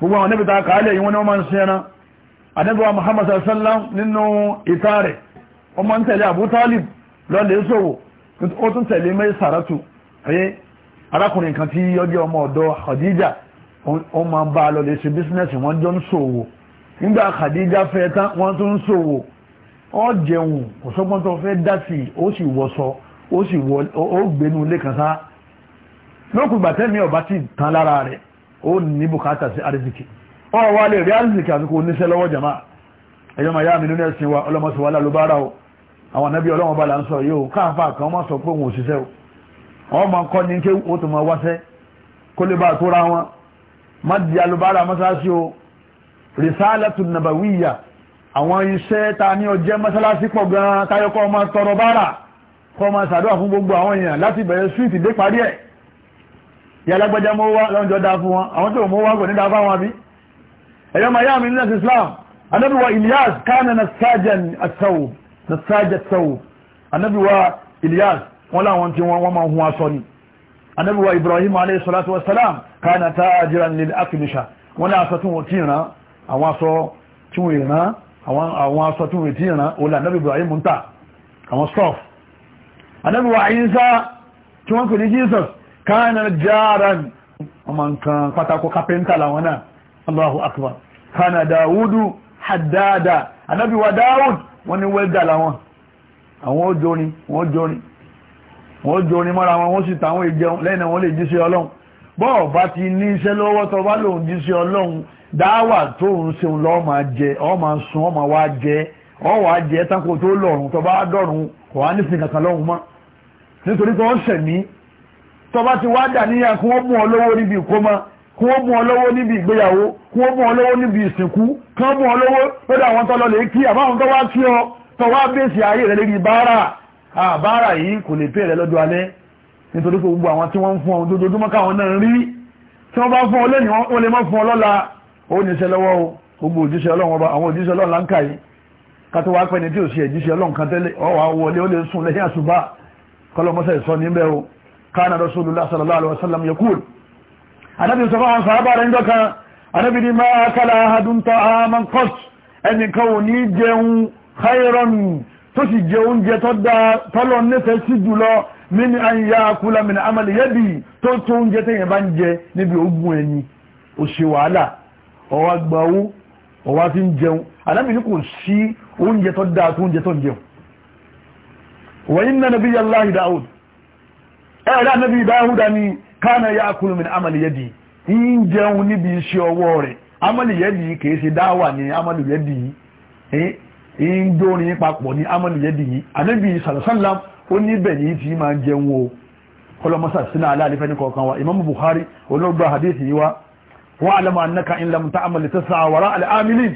gbogbo àwọn níbi kàálẹ̀ yìí wọ́n ni wọ́n máa ń sin ẹran Muhammad sallam nínú ìta rẹ̀ wọ́n máa ń tẹ̀lé Abu Talib lọ́lẹ̀ sọ́wọ́ ó tún tẹ̀lé mẹ́ sàrátù pé arákùnrin kan tí yọjẹ́ ọmọ ọ̀dọ̀ Khadija ó máa bá a lọ́lẹ̀ sí bísínẹ́sì wọ́n jọ ń sòwò nígbà Khadija fẹ́ tán wọ́n tún ń sòwò ó jẹun kò sọ́gbọ́n tó fẹ́ dá sí ó sì wọṣọ ó sì gbénu ilé sá lókùgbà tẹ́mi ọ̀bá ti tán lára rẹ̀ ó ní bùkátà sí arziki wọ́n wá lè rí arziki àti kò níṣẹ́ lọ́wọ́ jama ẹjọ́ ma yá mi nínú ẹ̀sìn wa ọlọ́mọsọ̀wà lálùbára o àwọn anábí ọlọ́wọ́ bá là ń sọ yóò káàfà kan wọ́n sọ pé òun òṣìṣẹ́ o wọ́n ma kọ́ ní kí ó tó ma wáṣẹ́ kó lè bá tó ra wọn má di alùbára mọ́sáàsì o risalatu nabawiya àwọn iṣẹ́ ta ní ọjẹ́ mọ́sálásí pọ̀ gan-an táyọkọ́ ọmọ tọrọ bára kọ́ ọmọ sàdọ́ ìyá alágbájá mọ́ wá lọ́njọ́ dáa fún wọn àwọn tó mọ́ wá kò ní dáa fáwọn àbí ẹ̀yọ́ ma yá mi Islam anábíwa Ilyas kánà na sájà sáwò anábíwa Ilyas wọ́n láwọn tí wọ́n máa hun aṣọ ni anábíwa Ibrahim aleyhisalatu wasalam kánà tajiran lil akinisha wọ́n ní aṣọ tí wọ́n ti ràn àwọn aṣọ tí wọ́n ràn àwọn aṣọ tí wọ́n ti Ibrahim ń ta àwọn stof anábíwa Isa tí wọ́n kò ní Jesus kánà járan ọmọ nǹkan pátákó kápẹ́ntà làwọn náà Allahu akbar kánà dáwúdù haddada anábì wa dáwùd wọ́n ní wẹ́dà làwọn àwọn ó jórin wọ́n jórin wọ́n jórin mọ́ra wọn wọ́n sì tàwọn ìjẹun lẹ́yìn wọn lè jíṣẹ́ ọlọ́run bọ́ọ̀ bá ti ní iṣẹ́ lọ́wọ́ tó bá lòun jíṣẹ́ ọlọ́run dáwà tó ń seun lọ́ máa jẹ ọ́ máa sun ọ́ máa wá jẹ ọ́ wàá jẹ tako tó lọ́rùn tó bá dọ̀rùn kò wá nísìnyí kankan lọ́rùn mọ́ nítorí tó ń sẹ̀mí tọba ti wá dà níyà kí wọ́n mú ọ lọ́wọ́ níbi ìkómọ kí wọ́n mú ọ lọ́wọ́ níbi ìgbéyàwó kí wọ́n mú ọ lọ́wọ́ níbi ìsìnkú kí wọ́n mú ọ lọ́wọ́ lọ́dọ̀ àwọn tọ́lọ lè kí àbáwọn tọ́wá kí ọ tọ́wá bèèsì ayé rẹ̀ lérí báárà àbáárà yìí kò lè pè rẹ̀ lọ́dọ̀ alẹ́ nítorí pé gbogbo àwọn tí wọ́n ń fún ọ dojoojúmọ́ káwọn náà rí tí wọ́n bá fún ọ lẹ́yìn wọ́n lè má fún ọ lọ́la ó ní iṣẹ́ lọ́wọ́ o gbogbo òjíṣẹ́ ọlọ́run ọba àwọn òjíṣẹ́ ọlọ́run láǹkà yìí ká tó wá pẹ́ni tí ò sí ẹ̀jíṣẹ́ ọlọ́run kan tẹ́lẹ̀ ọwọ́ wọlé ó lè sùn lẹ́yìn àṣùbà kọ́lọ́mọ́sẹ̀ sọ níbẹ̀ o kana rasulullah sallallahu alaihi wasallam yaqul anabi sahaba sahaba ran doka anabi ni ma akala ahadun ta'aman qat ẹni ko ni jẹun khairan tó sì jẹun jẹ tó da tolo ne fe si jùlọ min an yakula min amali yadi tó tó nje te yan ban jẹ ni bi ogun ẹni ó ṣe wàhálà ó wá gbawo ó wá tin jẹun anabi ni kò sí oúnjẹ tó da tó oúnjẹ tó jẹun wa inna nabiyallahi daud ẹ̀rẹ́ anábì ìdáhùdá ni káàna yá akulu min amaliyẹ́dì ń jẹun níbi iṣẹ́ ọwọ́ rẹ̀ amaliyẹ́dì kìí ṣe dáwà ní amaliyẹ́dì ń dórin papọ̀ ní amaliyẹ́dì anábì sàlọ́sánlá ó níbẹ̀ yìí ti máa jẹun o kọlọmọsà sínú aláàlífẹ́ ní kọ̀ọ̀kan wa imam buhari olóògbé hadith yìí wa wọ́n alama annaka in lam ta'amal tas'a wara al-amilin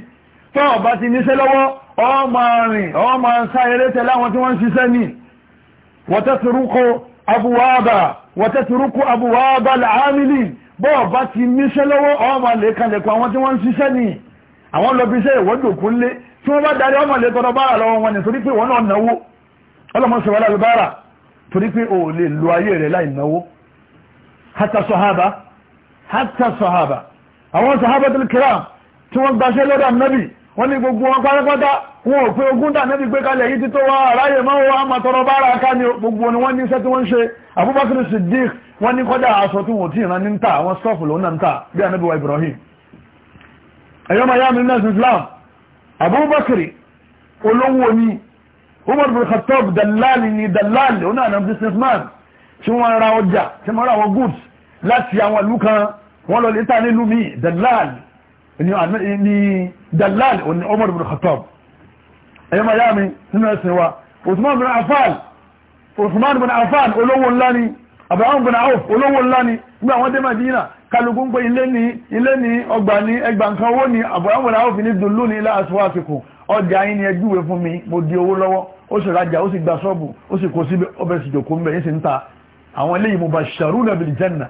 tó ọba ti níṣẹ́ lọ́wọ́ ọmọ rìn ọmọ sáyẹrẹ́tẹ̀ láwọn tí wọ́n ń ṣiṣẹ́ ní wọ́tẹ́sirúkọ abuwaba wàtẹ́tìrúkú abuwaba làámìlì bọ́ọ̀ bá ti níṣẹ́ lọ́wọ́ ọmọ lè kalẹ̀kọ́ àwọn tí wọ́n ń ṣiṣẹ́ ní àwọn lọ́bí iṣẹ́ ìwọ́dòkú ńlé tí wọ́n bá darí ọmọ lè tọrọ bára lọ́wọ́ wọn nítorí pé wọ́n náà náwó ọlọ́mọsọ̀rọ̀ alùbára torí pé wọ́n ní gbogbo wọn pátápátá wọn ò pé ogún dànẹ́bí pé kalẹ̀ yìí títọ́ wá ráyè máa wá máa tọrọ bára ká ní gbogbo ni wọ́n ní iṣẹ́ tí wọ́n ń ṣe Abubakar Siddiq wọ́n ní kọ́dá aṣọ tí wọ́n tí ìran ní ta àwọn stọ́ọ̀fù lòun náà ta bí Ànábì wa Ibrahim ẹ̀yọ́ maya mi Islam Abubakar olówó ni Umar bin Khattab dalali ni dalali òun náà businessman tí wọ́n ra ọjà tí wọ́n ra àwọn goods láti àwọn ìlú kan wọ́n lọ lè ta nílùú mi dalali ni Jalal òní Umar ibn Khattab ẹ̀yọ́ máa yá mi nínú ẹ̀sìn wa Usman ibn Affan Usman ibn Affan olówó ńlá ni Abraham ibn Auf olówó ńlá ni nígbà wọ́n dé Madina kálukú ń pé ilé ní ilé ní ọgbà ní ẹgbà nǹkan owó ní Abraham ibn Auf ní dùlú ní ilá aswatikum ọjà yìí ni ẹjúwe fún mi mo di owó lọ́wọ́ ó sì rajà ó sì gba sọ́ọ̀bù ó sì kó síbi ọbẹ̀ sì jòkó ńbẹ̀ yìí sì ń ta àwọn eléyìí mubashsharuna bil janna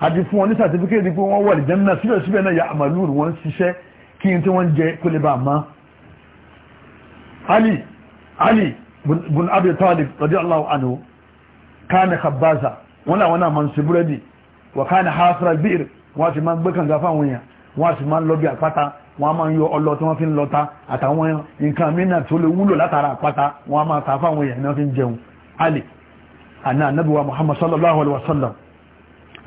àti fún wọn ní sàtífíkẹ́ẹ̀tì pé wọ́n wà lìjẹ́nà síbẹ̀síbẹ̀ náà yà àmàlúùrù wọn ṣiṣẹ́ kí n tí wọ́n jẹ kó lè bá a máa ali ali bin abi talib radiyallahu anhu kana khabbaza wọn làwọn náà máa ń ṣe búrẹ́dì wà kana hasra bi'r wọ́n ti máa ń gbé kànga fáwọn èèyàn wọ́n ti máa ń lọ bí àpáta wọ́n máa ń yọ ọlọ tí wọ́n fi ń lọta àtàwọn nǹkan mìíràn tó lè wúlò látara àpáta wọ́n máa ta fáwọn èèyàn náà fi ń jẹun ali ana anabiwa muhammad sallallahu alaihi wasallam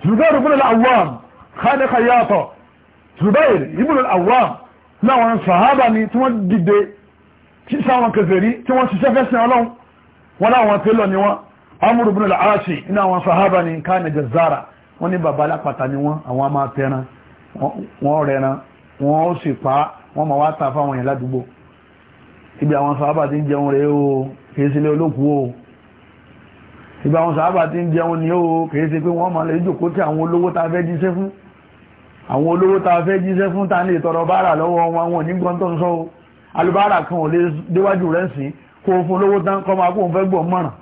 zubairu bin al-awwam kana Zubair ibn awam awwam láwọn sàhábà ni tí wọ́n dìde tí sáwọn kèfèrí tí wọ́n ṣiṣẹ́ fẹ́ sin ọlọ́run wọ́n láwọn télọ̀ ni wọ́n Amr ibn iná àwọn sàhábà ni kana jazzara wọ́n ní bàbá alápàtà ni wọ́n àwọn máa tẹran wọ́n rẹran wọ́n ó sì pa wọ́n máa wá ta fáwọn èèyàn ládùúgbò ibi àwọn sàhábà ti ń jẹun rẹ̀ o kìí sí ilé o ibi àwọn sàhábà ti ń jẹun ni o kìí sí pé wọ́n máa lè jókòó tí àwọn olówó ta fẹ́ jíṣẹ́ fún àwọn olówó ta fẹ́ jíṣẹ́ fún ta ní ìtọrọ bára lọ́wọ́ wọn wọn ní gbọ́n tó ń sọ́wọ́ alubára kan ò lè déwájú rẹ̀ sí kó fún olówó tán kọ́ máa kó ń fẹ́ gbọ́ mọ̀ràn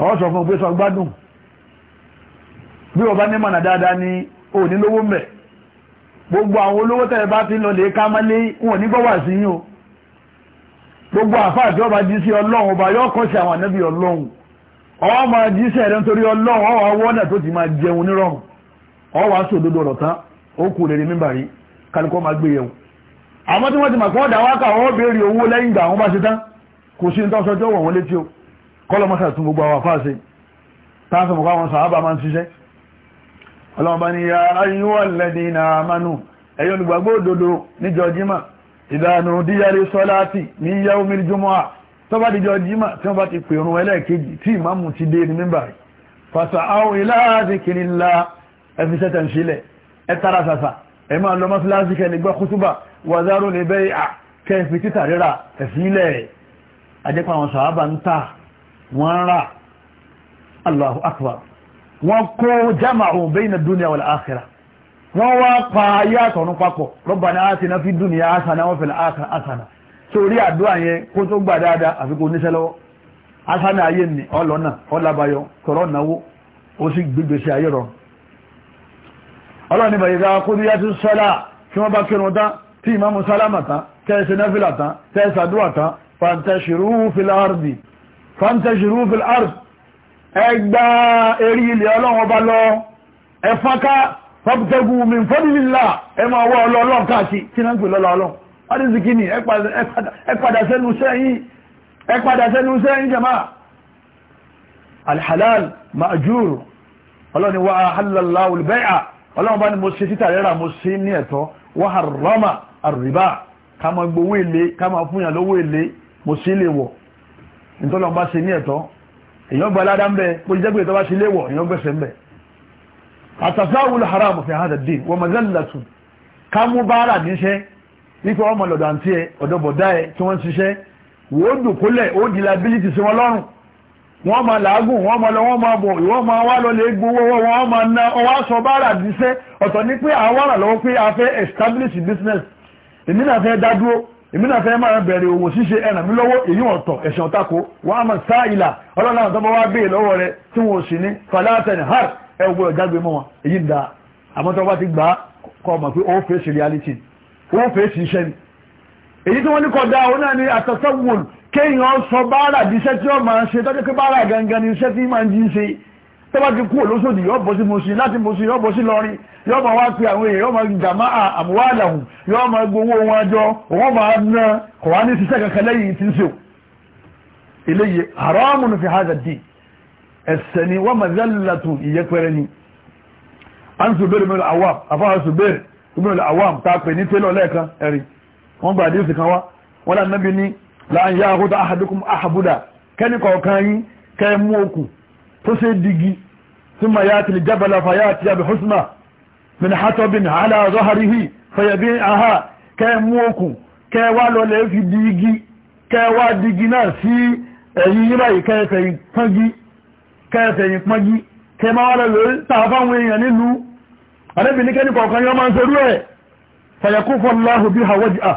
ọwọ́ sọ fún pé sọ gbádùn bí wọ́n bá ní mọ̀nà dáadáa ni ò ní lówó mẹ́ gbogbo àwọn olówó tẹ̀lé bá ti lọ lè ká mọ́lé wọn ní gbọ́wà sí yín o gbogbo àfáà ọba jí sí ọlọ́run ọba yóò kọ́ sí àwọn ànábì ọlọ́run ọwọ́ máa jí sí ẹ̀rẹ́ nítorí ọlọ́run ọwọ́ wọ́nà tó ti máa jẹun nírọ̀rùn ọwọ́ wàá ọ̀rọ̀ tán ó kú lè rí mímbà rí kálukọ́ máa gbé yẹ̀wò àmọ́ tí wọ́n ti màkọ́ ọ̀dà wákà wọ́n béèrè owó lẹ́yìn ìgbà àwọn bá ṣe tán kò sí nítorí ọjọ́ wọ̀n wọ́n létí o kọ́lọ́mọ́sà tún gbogbo àwọn afáàṣe táàfẹ́ mọ̀kọ́ àwọn sàábà máa ń ṣiṣẹ́ ọlọ́mọba ni ya ayyuhal ladina amanu ẹ̀yọ́ olùgbàgbọ́ òdodo níjọ jímà ìdánù díyàrí sọ́láàtì ní yaumil jumu'a tó bá dìjọ jímà tí wọ́n bá ti pè rún ẹlẹ́ẹ̀kejì tí ìmáàmù ti dé ní mímbà fasa'u ila zikrillah ẹfisẹ́tẹ̀ ń sílẹ̀ ẹ tara sàsà ẹ máa lọ mọ́sálásí kẹ́ni gbọ́ kútúbà wàzárò lè bẹ́ẹ̀ à kẹfì títà rírà ẹ̀fílẹ̀ ajẹ́pà àwọn sàábà ń tà wọ́n rà Allahu akbar wọ́n kó jama'u bayna dunya wal akhirah wọ́n wá pa ayé àtọ̀run papọ̀ rabbana atina fid dunya hasana wa fil akhirati hasana ni ọlọ́nà ọlábayọ tọ̀rọ̀ náwó ọlọ́ni bàyíká kúríyá ti sọ́lá kí wọ́n bá kírun tán tí ìmáàmù sálámà tán tẹ́ẹ̀sẹ̀ náfìlà tán tẹ́ẹ̀sàdúwà tán fàntẹ̀ṣìrú fìlárì ẹgbà erí ilẹ̀ ọlọ́wọ́n bá lọ ẹfáká fọ́pùtẹ́gù mi fọ́dílìlá ẹ máa wọ́ ọlọ́ọ̀lọ́n káàkì kí náà ń pè lọ́la ọlọ́n adìsíkíní ẹ padà sẹ́nu sẹ́yìn jama'a alhalal ọlọ́run bá ní mo ṣe títà rẹ́rà mo ṣe ní ẹ̀tọ́ wa harrama àrùbá ká máa gbowó èlé ká máa fún yàn lówó èlé mo ṣe lè wọ̀ nítọ́lọ́run bá ṣe ní ẹ̀tọ́ èèyàn gba aládá ń bẹ bó jẹ́ pé ìtọ́ bá ṣe léwọ̀ èèyàn gbẹ̀sẹ̀ ń bẹ àtàsáwùl haram fi hàn dàdín wọ́n mọ̀ zẹ́lẹ̀tù ká mú báárà níṣẹ́ wípé wọ́n mọ̀ lọ́dọ̀ àǹtí ẹ ọ̀dọ̀ ẹ tí wọ́n ń ṣiṣẹ́ wò dùn kólẹ̀ ó di liability sí wọn lọ́rùn wọ́n ma làágùn wọ́n ma lọ wọ́n ma bọ̀ ìwọ́n ma wá lọ lè gbowó wọ́n ma ná ọwá sọ bára díṣẹ́ ọ̀tọ̀ ní pé àwárà lọ́wọ́ pé a fẹ́ establish business èmi fẹ́ dádúró èmi fẹ́ máa bẹ̀rẹ̀ òwò ṣíṣe ẹ̀nà lọ́wọ́ èyí ọ̀tọ̀ ẹ̀sìn ọ̀tako wọ́n ma sá ìlà ọlọ́run kéèyàn sọ báárà díṣẹ́ tí ó máa ṣe tọ́jú pé báárà gangan ni iṣẹ́ tí máa ń jí ṣe tó bá ti kú olóṣòdì yóò bọ́ sí Mùṣín láti Mùṣín yóò bọ́ sí lọ́rin yóò máa wá pe àwọn èèyàn yóò máa jàmá àmúwàlàhùn yóò máa gbowó wọn jọ òun máa ná kò wá ní ṣiṣẹ́ kankan lẹ́yìn tí ń ṣe eléyìí haramun fi hadha di ẹ̀ṣẹ̀ ni wọ́n máa zálàtù ìyẹpẹrẹ ni a ń sùbẹ̀rẹ̀ mẹ́rin àwàm àfáà sùbẹ̀rẹ̀ mẹ́rin àwàm tá a pè ní tẹ́lọ̀ lẹ́ẹ̀kan ẹ̀rí wọ́n gbà àdéhùn kan wá wọ́n lá láàáyá àkótá àhàdùkùn àhàbùdà kẹ́ni kọ̀ọ̀kan yín kẹ́ mú okùn tó ṣe digi tí ma yá tìlì jábàlá fàyà àti àbí husna min hatobin ala zaharihi fayyabi aha kẹ́ mú okùn kẹ́ wá lọlẹ̀ fi digi kẹ́ wá digi náà sí ẹ̀yìn yíráyì kẹ́ẹ̀fẹ̀yìn pọ́njí kẹ́ máa wá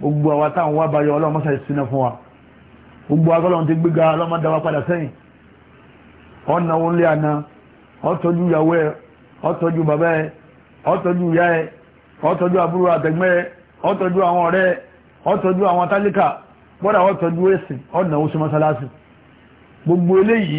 gbogbo àwa táwọn wá báyọ ọlọ́mọ́sà ìsinà fún wa gbogbo agọ́lọ́n ti gbíga ọlọ́mọ́dáwà padà sẹ́yìn ọ̀nà òun lé àná ọ̀tọ́jú ìyàwó ẹ̀ ọ̀tọ́jú bàbá ẹ̀ ọ̀tọ́jú ìyá ẹ̀ ọ̀tọ́jú àbúrò àtẹ̀gbẹ́ ẹ̀ ọ̀tọ́jú àwọn ọ̀rẹ́ ẹ̀ ọ̀tọ́jú àwọn tálíkà bọ́dà ọ̀tọ́jú ẹ̀sìn ọ̀nà oṣù mọ́sálásì gbogbo eléyìí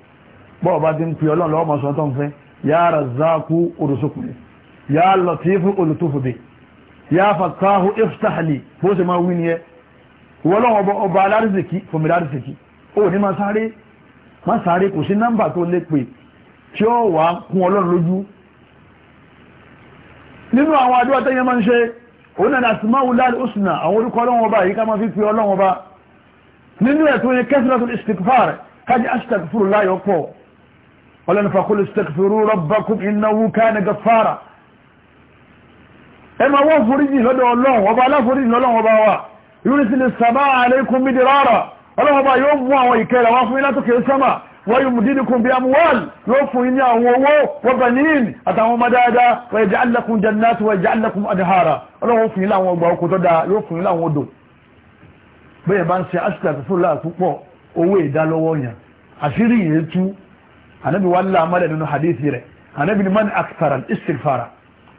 bọ́ọ̀ bá ti ń pè ọlọ́run lọ́wọ́ mọ̀sán tó ń fẹ́ ya razzaqu ursuqni ya latifu ulutufu bi ya fattahu iftahli bó ṣe máa wí nìyẹn wọ́lọ́wọ́ ọba alárìsìkí fòmìlà àrìsìkí ó ní máa sáré máa sáré kò sí nọ́mbà tó lè pè tí ó wà kún ọlọ́run lójú nínú àwọn àdúrà tẹ́yẹ máa ń ṣe òun náà asmaul husna àwọn orúkọ ọlọ́run ọba yìí ká máa fi pe ọlọ́run ọba nínú ẹ̀ tó yẹ kasratul istighfar kájí astaghfirullah pọ̀ ọlọ́ni fàkúlù stakfiru rabbakum innahu kana gaffara ẹ máa wọ́n foríjì lọ́dọ̀ ọlọ́run ọba aláforíjì lọ́lọ́run ọba wa yursil samaa alaykum midrara ọlọ́run ọba yóò mú àwọn ìkẹrẹ wá fún yín látòkè sánmà wọ́n yóò mú dídìkún bí amúwàl yóò fún yín ní àwọn owó wọ́n bá níyìn àtàwọn ọmọ dáadáa wọ́n yẹjẹ́ anabi wa la amala nínú hadithi rẹ̀ anabi ni man akthara al-istighfara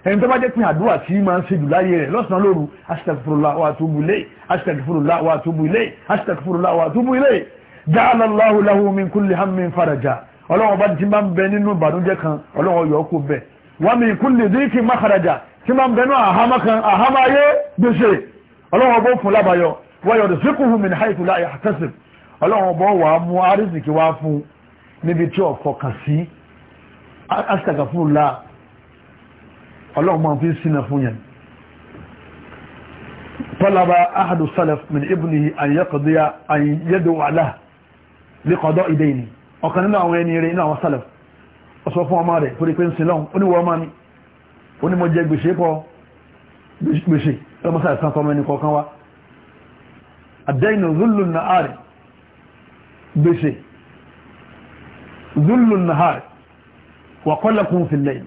ẹni tó bá jẹ́ pín àdúrà tí máa ń ṣe jù láyé rẹ̀ lọ́sàn-án lóru astaghfirullah wa atubu ilayh astaghfirullah wa atubu ilayh astaghfirullah wa atubu ilayh ja'ala Allahu lahu min kulli hammin faraja ọlọ́wọ́n bá ti máa ń bẹ nínú ìbànújẹ́ kan ọlọ́wọ́n yọ kó bẹ̀ wa min kulli dhiqin makhraja tí máa ń bẹ nínú àhámọ́ kan àhámọ́ ayé gbèsè ọlọ́wọ́n bó fún lábàáyọ wa yarzuquhu min haythu la yahtasib ọlọ́wọ́n bó wàá mú àrísìkí wá fún níbi tí ọ̀fọ̀ kàn sí asitaka fún un la ọlọ́run máa fi ń sinà fún yẹn tọ́lába ahadu salaf min ibnihi àyẹ́kọ̀dọ́yà àyẹ́dọ̀wàlá lẹ́kọ̀ọ́dọ́ ìdẹ́yìn ọ̀kan nínú àwọn ẹni rẹ̀ nínú àwọn salaf ọ̀sọ̀ fún ọmọ rẹ̀ torí pé ń sin lọ́hùn ó ní wọ́n máa jẹ gbèsè pọ̀ gbèsè lọ́mọ́sá ìsàn fọmọ ẹni kọ̀ọ̀kan wá àdẹ́yìn zullu na'ari gbèsè zulun النهار، wà kọ́lẹ̀kùn fìlẹ̀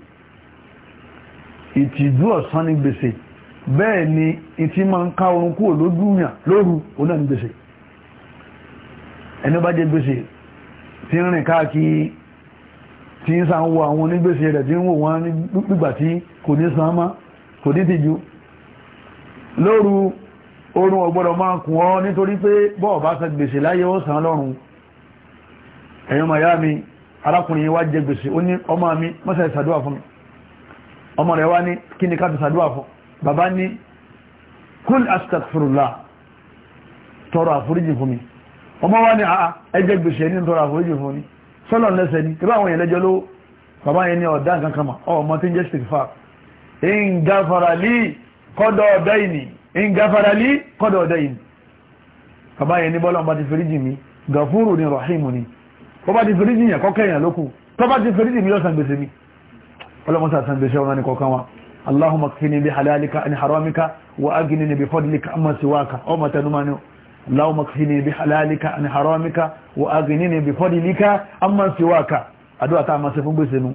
ìtìjú ọ̀sán ní gbèsè bẹ́ẹ̀ ni ìtì máa ń ká orun kúrò lójúyàn lóru oná ní gbèsè ẹni bá jẹ gbèsè tí ń rìn káàkiri tí ń san wo àwọn onígbèsè rẹ̀ tí ń wò wọ́n nígbà tí kò ní san mọ́ kò ní tìjú lóru orun ọgbọ́dọ̀ máa kùn ọ́ nítorí pé bọ́ọ̀ bá san gbèsè láyé ó san lọ́run ẹ̀yọ́ miami arákùnrin wá jẹ gbèsè ó ní ọmọ mi mọ́sẹ̀ ìsàdúwà fún mi ọmọ rẹ̀ wá ní kí ni ká fi sàdúwà fún bàbá ní kúl astaghfirullah tọrọ àforíjì fún mi ọmọ wá ní àá ẹjẹ gbèsè ní tọrọ àforíjì fún mi sọ́lọ̀ lẹ́sẹ̀ ní tí báwọn ìlẹ́jọ́ ló bàbá yẹn ní ọ̀dá nǹkan kama ọmọ tí ń jẹ́ stigfar bó bá ti fèrè jìyàn kọ́kẹ́ èèyàn lókù tó bá ti fèrè jìyàn yóò san gbèsè mi ọlọ́mọsà san gbèsè wọn ni kọ̀ọ̀kan wa allahumma kini bi halalika an haramika wa agini bi fadlika amma siwaka o mata numa ne allahumma kini bi halalika an haramika wa agini bi fadlika amma siwaka addu'a ta ma sefun gbèsè nu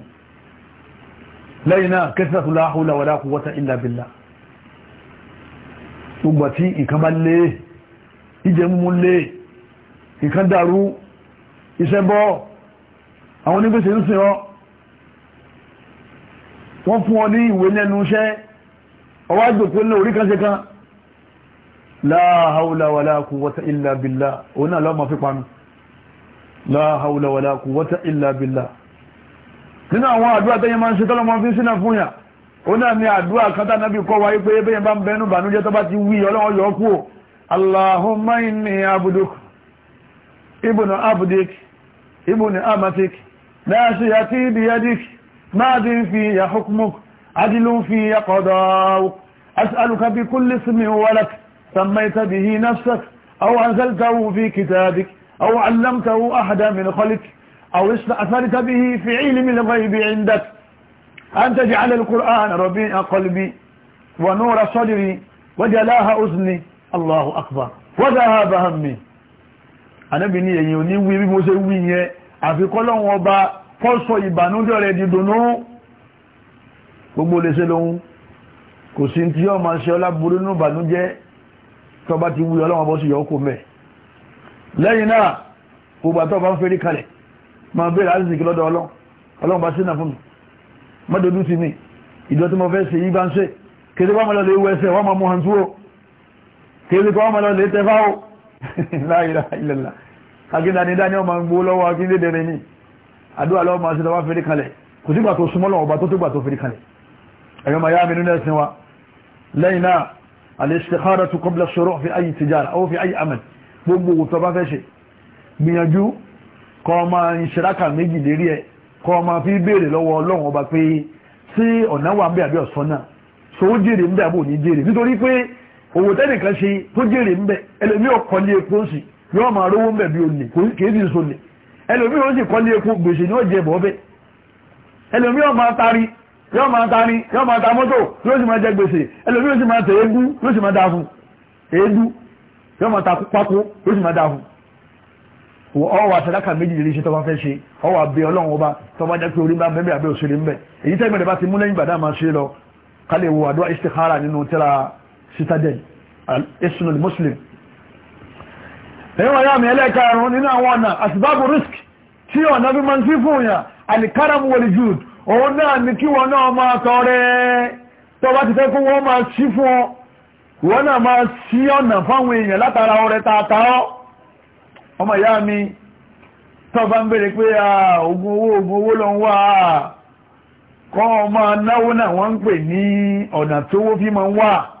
lẹ́yìnà ìkan bá ìṣẹ́bọ́ àwọn onígbèsè ń sin ọ wọ́n fún ọ ní ìwé lẹ́nu iṣẹ́ ọwá jòkó ní orí kan ṣe kan la hawla wala quwwata illa billah òun náà lọ́mọ fi panu la hawla wala quwwata illa billah nínú àwọn àdúrà tẹ́yẹ máa ń ṣe tọ́lọ́mọ fi sínà fún yà ó náà ni àdúrà kátà ابن عبدك ابن أمتك ناشيتي بيدك ماض في حكمك عدل في قضاءك أسألك بكل اسم ولك سميت به نفسك أو أنزلته في كتابك أو علمته أحدا من خلقك أو استأثرت به في علم الغيب عندك أن تجعل القرآن ربيع قلبي ونور صدري وجلاها أذني الله أكبر وذهاب همي anábì ní èyí ò ní wí bí mo ṣe wí yẹn àfikọ́lọ́wọ́n ọba kọ́sọ ìbànújẹ́ rẹ̀ dìdùnú gbogbo lè ṣe lóhun kò sí tí yọ́ máa ṣe ọlábúrú nínú ìbànújẹ́ tó bá ti wí ọlọ́wọ́n bọ́ sí yọ kó mẹ́ lẹ́yìn náà gbogbo àtọ́ bá ń fẹ́rí kalẹ̀ máa bèèrè àrísìkí lọ́dọ̀ ọlọ́run ọlọ́run bá sínà fún mi láìra ilẹ̀lá kàkídà ní dáníọ́ ma ń gbó lọ́wọ́ akíndé dẹ̀rẹ̀ ní àdúrà lọ́wọ́ ma ṣe lọ́wọ́ fèrè kalẹ̀ kò sígbà tó súnmọ́ lọ́wọ́ bá tó túgbà tó fèrè kalẹ̀ ẹ̀yọ́ ma yá mi nínú ẹ̀sìn wa lẹ́yìn náà al-istikhara qabla shuru' fi ayi tijara aw fi ayi amal gbogbo òwò tó bá fẹ́ ṣe gbìyànjú kó ma ń ṣeraka méjì lérí owó tẹ́nìkan ṣe tó jèrè ń bẹ ẹlòmí ò kọ́lé epo sí yóò máa rówó ń bẹ bí olè kìí sì sọlẹ̀ ẹlòmí ò sì kọ́lé epo gbèsè ní ọ̀jẹ̀ bọ́ bẹ́ ẹlòmí ò máa tari yóò máa tari yóò máa ta mọ́tò yóò sì máa jẹ gbèsè ẹlòmí ò sì máa tẹ̀ éédú yóò sì máa da fún éédú yóò máa ta pákó yóò sì máa da fún ọwọ́ àtàlákà méjì lè ṣe tọba fẹ́ ṣe ọwọ́ àbẹ ọlọ́run ọba tọba jẹ́ pé orí bá bẹ́ẹ̀ àbẹ́ òṣèré ń bẹ̀ èyí tẹ́gbẹ̀rẹ̀ bá ti mú lẹ́yìn ìgbàdá máa ṣe lọ ká wo àdúrà istikhara nínú tírà citadel al-isnul muslim ẹ̀yìn wọ̀nyá mi ẹlẹ́ẹ̀kẹ́rún nínú àwọn ọ̀nà àsìbábù risk tí ọ̀nà bí ma ń sí fún ìyà alìkáràmù wọlé jùd òun náà ní kí wọn náà máa tọrẹ tó bá ti fẹ́ kó wọ́n máa sí fún ọ wọ́n náà máa sí ọ̀nà fáwọn èèyàn látara ọrẹ tààtàọ́ ọmọ ìyá mi bá ń pé ogun owó ogun owó lọ ń wá kọ́ ọmọ náwó náà wọ́n ń pè ní ọ̀nà tówó fi máa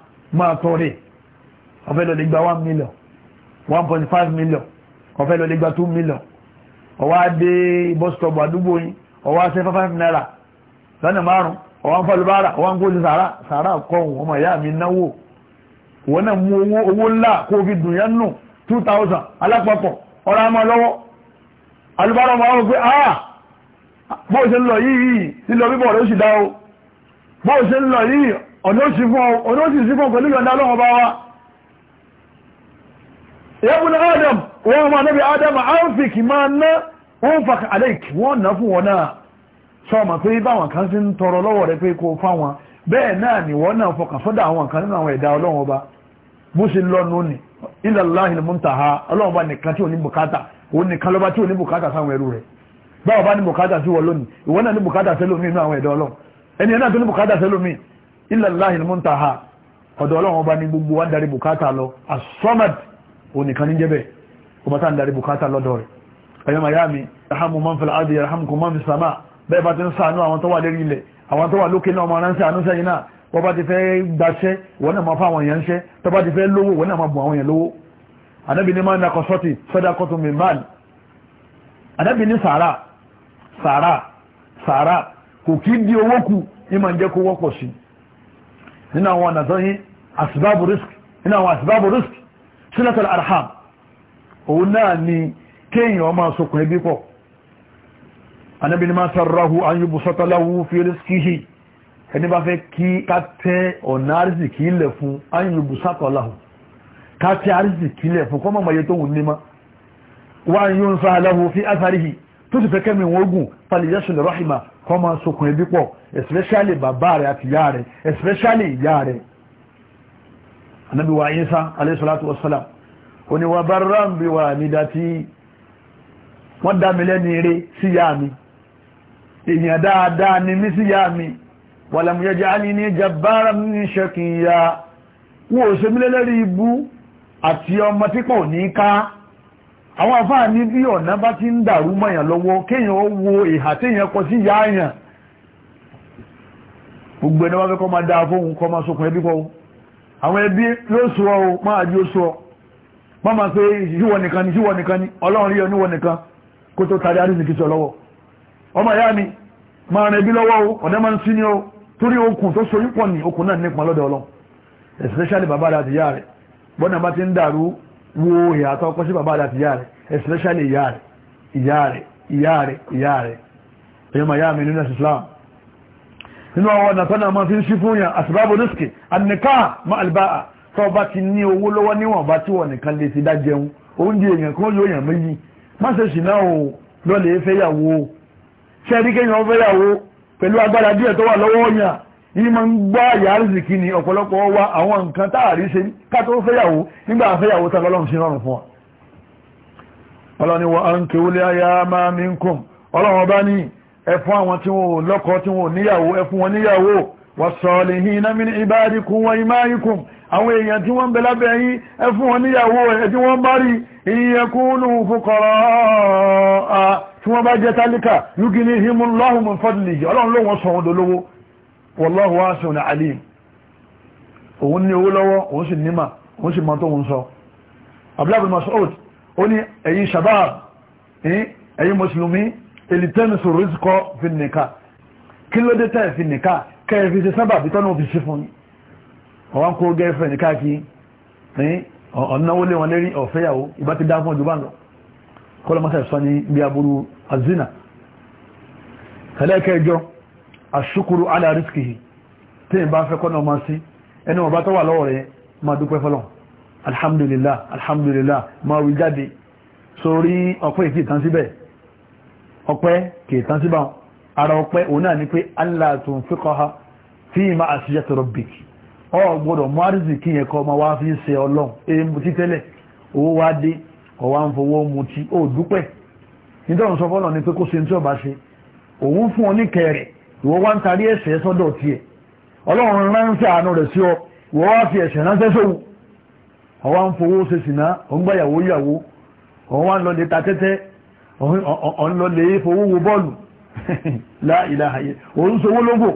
máa tọrẹ ọ̀fẹ́ lọ lè gba 1 million 1.5 million ọ̀fẹ́ lọ lè gba 2 million ọwọ́ adé bus stop àdúgbò yín ọwọ́ aṣẹ́ five naira lọ́nà márùn ọwọ́ ń fọlọ́ bára ọwọ́ ń kó sí sàárà sàárà kọ́hùn ọmọ ìyá mi náwó wọn náà mú owó owó ńlá kó o fi dùn yẹn nù two thousand alápapọ̀ ọ̀rọ̀ àmọ́ lọ́wọ́ alùbárà ọmọ àwọn pé ah bó o ṣe ń lọ yìí yìí lílọ bíbọ̀ rẹ̀ ó sì dá o bó ń lọ yìí onye pẹ̀lú yọ̀ndà lọ́wọ́ bá wá yẹ́bùn adam wọ́n ma nábi adam áfíkì máa ná wọ́n fàkà aléìkì wọ́n ná fún wọn náà sọ ma pé báwọn kan sí ń tọrọ lọ́wọ́ rẹ pé kó fáwọn bẹ́ẹ̀ náà ni wọ́n náà fọkàn sọ́dọ̀ àwọn kan nínú àwọn ẹ̀dá ọlọ́wọ́ bá bó ṣe lọ́nu ni ilallahi al ọlọ́wọ́ bá nìkan tí ò ní bùkátà ilallahi muntaha ọ̀dọ̀ ọlọ́run ọba ní gbogbo wa darí bùkátà lọ asọ́mad onìkan ní jẹ́bẹ̀ ọba ń darí bùkátà lọ́dọ̀ rẹ̀ ẹ̀yọ́ miami rahamu manfil adi rahamku manfil sama bẹ́ẹ̀ bá ti ń sànú àwọn tó wà lérí ilẹ̀ àwọn tó wà lókè náà ọmọ ránṣẹ́ àánúṣẹ́ yìí náà wọ́n bá ti fẹ́ gbaṣẹ́ wọ́n náà máa fún àwọn èèyàn ṣẹ́ tó bá ti fẹ́ lówó wọ́n náà máa bù àwọn èèyàn lówó nínú àwọn ọ̀nà tó yí asbabu risk nínú àwọn asbabu risk sílẹ̀tọ̀ arham òun náà ni kéèyàn ọmọ sókùn ẹbí pọ̀ anábi ni máa sarrahu ayubu sọ́tọ́láwú fi riskihi ẹni bá fẹ́ kí kátẹ́ ọ̀nà arzikí ilẹ̀ fún ayubu sọ́tọ́láwú kátẹ́ kọ́ máa sokùn ẹbí pọ̀ especially bàbá rẹ̀ àti ìyá rẹ̀ especially ìyá rẹ̀ anábì wa Isa alayhi salatu wassalam ó ní wa barran bi walidati wọ́n dá mi lẹ́ni eré sí ìyá mi èèyàn dáadáa ni mí sí ìyá mi walam yaj'alni jabbaran shaqiyya wọ́n ò ṣe mí lẹ́lẹ́rí ibú àti ọmọ tí kò ní ká àwọn àfáà ní bí ọ̀nà bá ti ń dàrú mọ́yàn lọ́wọ́ kéèyàn ó wo ìhà téèyàn kọ sí ìyá àyàn gbogbo ẹni wá fẹ́ kọ́ máa dáa fóun kọ́ máa sokùn ẹbí kọ́ àwọn ẹbí ló sọ ọ́ máa jí ó sọ máa máa pé nìkan ni nìkan ni ọlọ́run rí ọ nìkan kó tó tari mi máa rìn ẹbí lọ́wọ́ máa ń sí ni ó torí okùn tó soyún pọ̀ ní okùn náà nípa lọ́dọ̀ ọlọ́run especially bàbá àti ìyá wo ìyàtọ̀ ọkọ̀ sí bàbá àti ìyá rẹ̀ especially ìyá rẹ̀ ìyá rẹ̀ ìyá rẹ̀ ìyá rẹ̀ èyí ma yá mi nínú Islam nínú ọwọ́ nàtọ́nà ma fi ń sí fún yàn àsìbábò níṣkì àníká ma àlìbáà tó bá ti ní owó lọ́wọ́ níwọ̀n bá tí wọ́n nìkan lè ti dá jẹun oúnjẹ èèyàn kan yóò yàn méjì má ṣe sì náà ò lọ́lẹ̀ fẹ́yàwó ṣẹ́ríkẹ́yàn fẹ́yàwó pẹ̀lú agbára díẹ̀ tó wà lọ́wọ́ yàn yìí ma ń gbọ́ àyà àrísìkí ni ọ̀pọ̀lọpọ̀ wa àwọn nǹkan táàrí ṣe kátó fẹ́yàwó nígbà fẹ́yàwó tá lọ́lọ́run sí rọrùn fún wa ọlọ́ni wa an kí wúlé ayá máa mi ń kùn ọlọ́run bá ní ẹ àwọn tí wọ́n lọ́kọ tí wọ́n níyàwó wọn níyàwó wa wọ́n wallahu wasi'un alim òun ní owó lọ́wọ́ òun sì nímà òun sì mọ́ tó ń sọ abdullahi masoud ó ní ẹ̀yin shabab ẹ̀yin mùsùlùmí elitẹ́nusù rizqo fi nìka kí ló dé tẹ́ fi nìka kẹ́ẹ̀ fi ṣe sábà bí tọ́nà òfin sí fún ọwọ́n kó gẹ́ẹ̀fẹ́ nìka kí ọ̀náwó lé wọn lérí ọ̀fẹ́yàwó ìbá ti dá ní bí aburú àṣukuru aláríṣkì tí ìbá fẹ́ kọ́nà ọmọ sí ẹni ọba tó wà lọ́wọ́ rẹ̀ ma dúpẹ́ fọ́lọ̀ alhamdulillah alhamdulillah ma wí jáde sórí ọpẹ́ ìkì ìtàn síbẹ̀ ọpẹ́ kì ìtàn síbà ara ọpẹ́ òun náà ni pé Allah tunfiqaha fi ma asijati rabbik ọ gbọ́dọ̀ mú àrísìkì yẹn kọ́ ma wá fi ṣe ọlọ́run èyí mú ti tẹ́lẹ̀ owó wá òun fún ọ ní kẹrẹ̀ẹ́ ìwọ wá ń tarí ẹ̀ṣẹ̀ sọ́dọ̀ tiẹ̀ ọlọ́run ránṣẹ́ àánú rẹ̀ sí ọ ìwọ wá fi ẹ̀ṣẹ̀ ránṣẹ́ sóhun ọwá ń fowó ṣe sìná ọgbàyàwó yàwó ọwá ń lọlẹ̀ ta tẹ́tẹ́ ọ̀nlọlẹ̀ fowó wo bọ́ọ̀lù láìláhàyè òun sowó lógò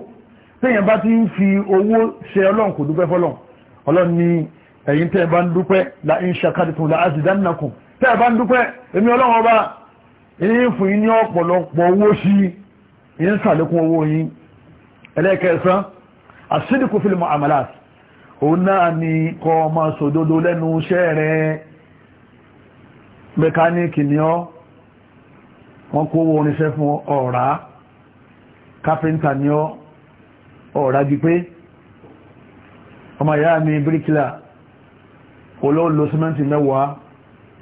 téèyàn bá ti ń fi owó ṣe ọlọ́run kò dúpẹ́ fọlọ́run ọlọ́run ni ẹ̀yin tẹ́ ẹ bá ń dúpẹ́ la ń ṣàkàdùkùn la azidannakum tẹ́ ẹ bá ń dúpẹ́ èmi ọlọ́run ọba èyí fún yín ní ọ̀pọ̀lọpọ̀ owó sí i yín sàlékún owó yín ẹlẹ́ẹ̀kẹsán àṣídìkú fil muamalat òun náà ni kó máa sòdodo lẹ́nu iṣẹ́ rẹ mẹkáníkì ni ọ́ wọ́n kó owó orinṣẹ́ fún ọ̀rá káfíńtà ni ọ́ ọ̀rá jí pé ọmọ ìyá mi bíríkìlà olóòlò símẹ́ntì mẹ́wàá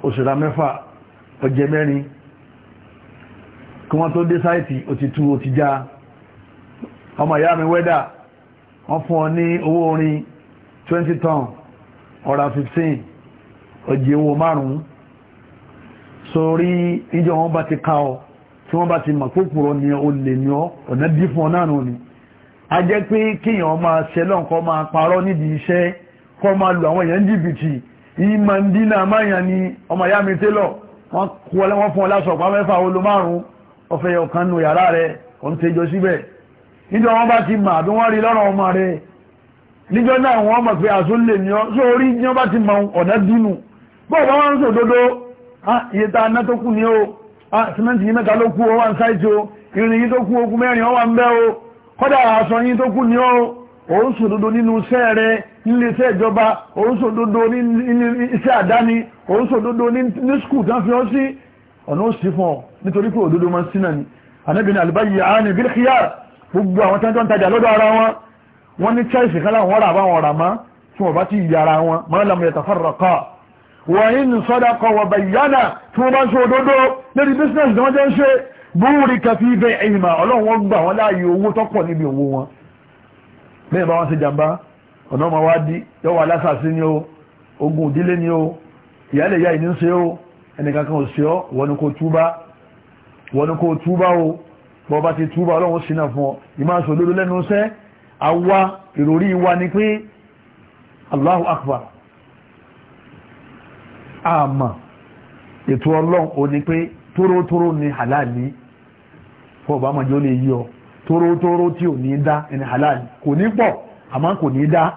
òṣèrà mẹ́fà ọjẹ́ mẹ́rin kí wọ́n tó dé sáìtì ó ti tú ó ti já ọmọ ìyá mi wẹ́dà wọ́n fún ọ ní owó orin 20 ton ọ̀rà 15 ọjì owó márùn-ún sórí ìjọ wọn bá ti ká ọ tí wọ́n bá ti mọ̀ pópòrò ni o lè ní ọ ọ̀nà dí fún ọ náà nù ni a jẹ́ pé kíyàn máa ṣẹlọ́n kọ́ máa parọ́ nídìí iṣẹ́ kọ́ máa lu àwọn èèyàn jìbìtì yìí máa ń dínà máyàn ni ọmọ ìyá mi télọ̀ wọ́n fún ọ lásọ̀pá mẹ́fà olo ún ọfẹ́ ọ̀kan nù yàrá rẹ̀ òun tẹjọ síbẹ̀ níjọ́ wọn bá ti mọ̀ àbí wọ́n rí lọ́rọ̀ ọmọ rẹ̀ níjọ́ náà wọ́n mọ̀ pé àsúnlẹ̀ ni ọ́ sórí ní wọ́n bá ti mọ̀ ọ̀nà dínú bọ́ọ̀ bá wọ́n ń sòdodo ah, iye ta aná tó kù ní o simenti ah, yìí mẹ́ta ló kù ó wà ń sáìtì o irin yìí tó kù okùn mẹ́rin ó wà ń bẹ́ o kọ́dà aṣọ yìí ọ́ ọ̀nà ó sì fún ọ nítorí pé òdodo máa ń sínà ni Ànábì ní àlùbáyé àánì bí kíyà gbogbo àwọn tí wọ́n ń tajà lọ́dọ̀ ara wọn wọ́n ní chelsea kan láwọn ọ̀rà àbáwọn ọ̀rà má tí wọ́n bá ti yí ara wọn mọ́ làmú yẹtà fọ́rọ̀kọ́ wọ́n yín ní sọ́dà kọ́ wọ́n bá yánà tí wọ́n bá ń ṣe òdodo lórí business tí wọ́n jẹ́ ń ṣe búrì ẹnìkankan ò ṣe kò túbá wọ́n ní kó túbá o bọ́ bá ti túbá ọlọ́run sínà fún ọ ìmá sọ lórí lẹ́nu iṣẹ́ àwa ìròrí wa ni pé Allahu Akbar àmà ètò ọlọ́run o ni pé tórótóró ni halali fọ́ bá mọ̀jọ́ lè yí ọ tórótóró tí ò ní dá ẹni halali kò ní pọ̀ àmọ́ kò ní dá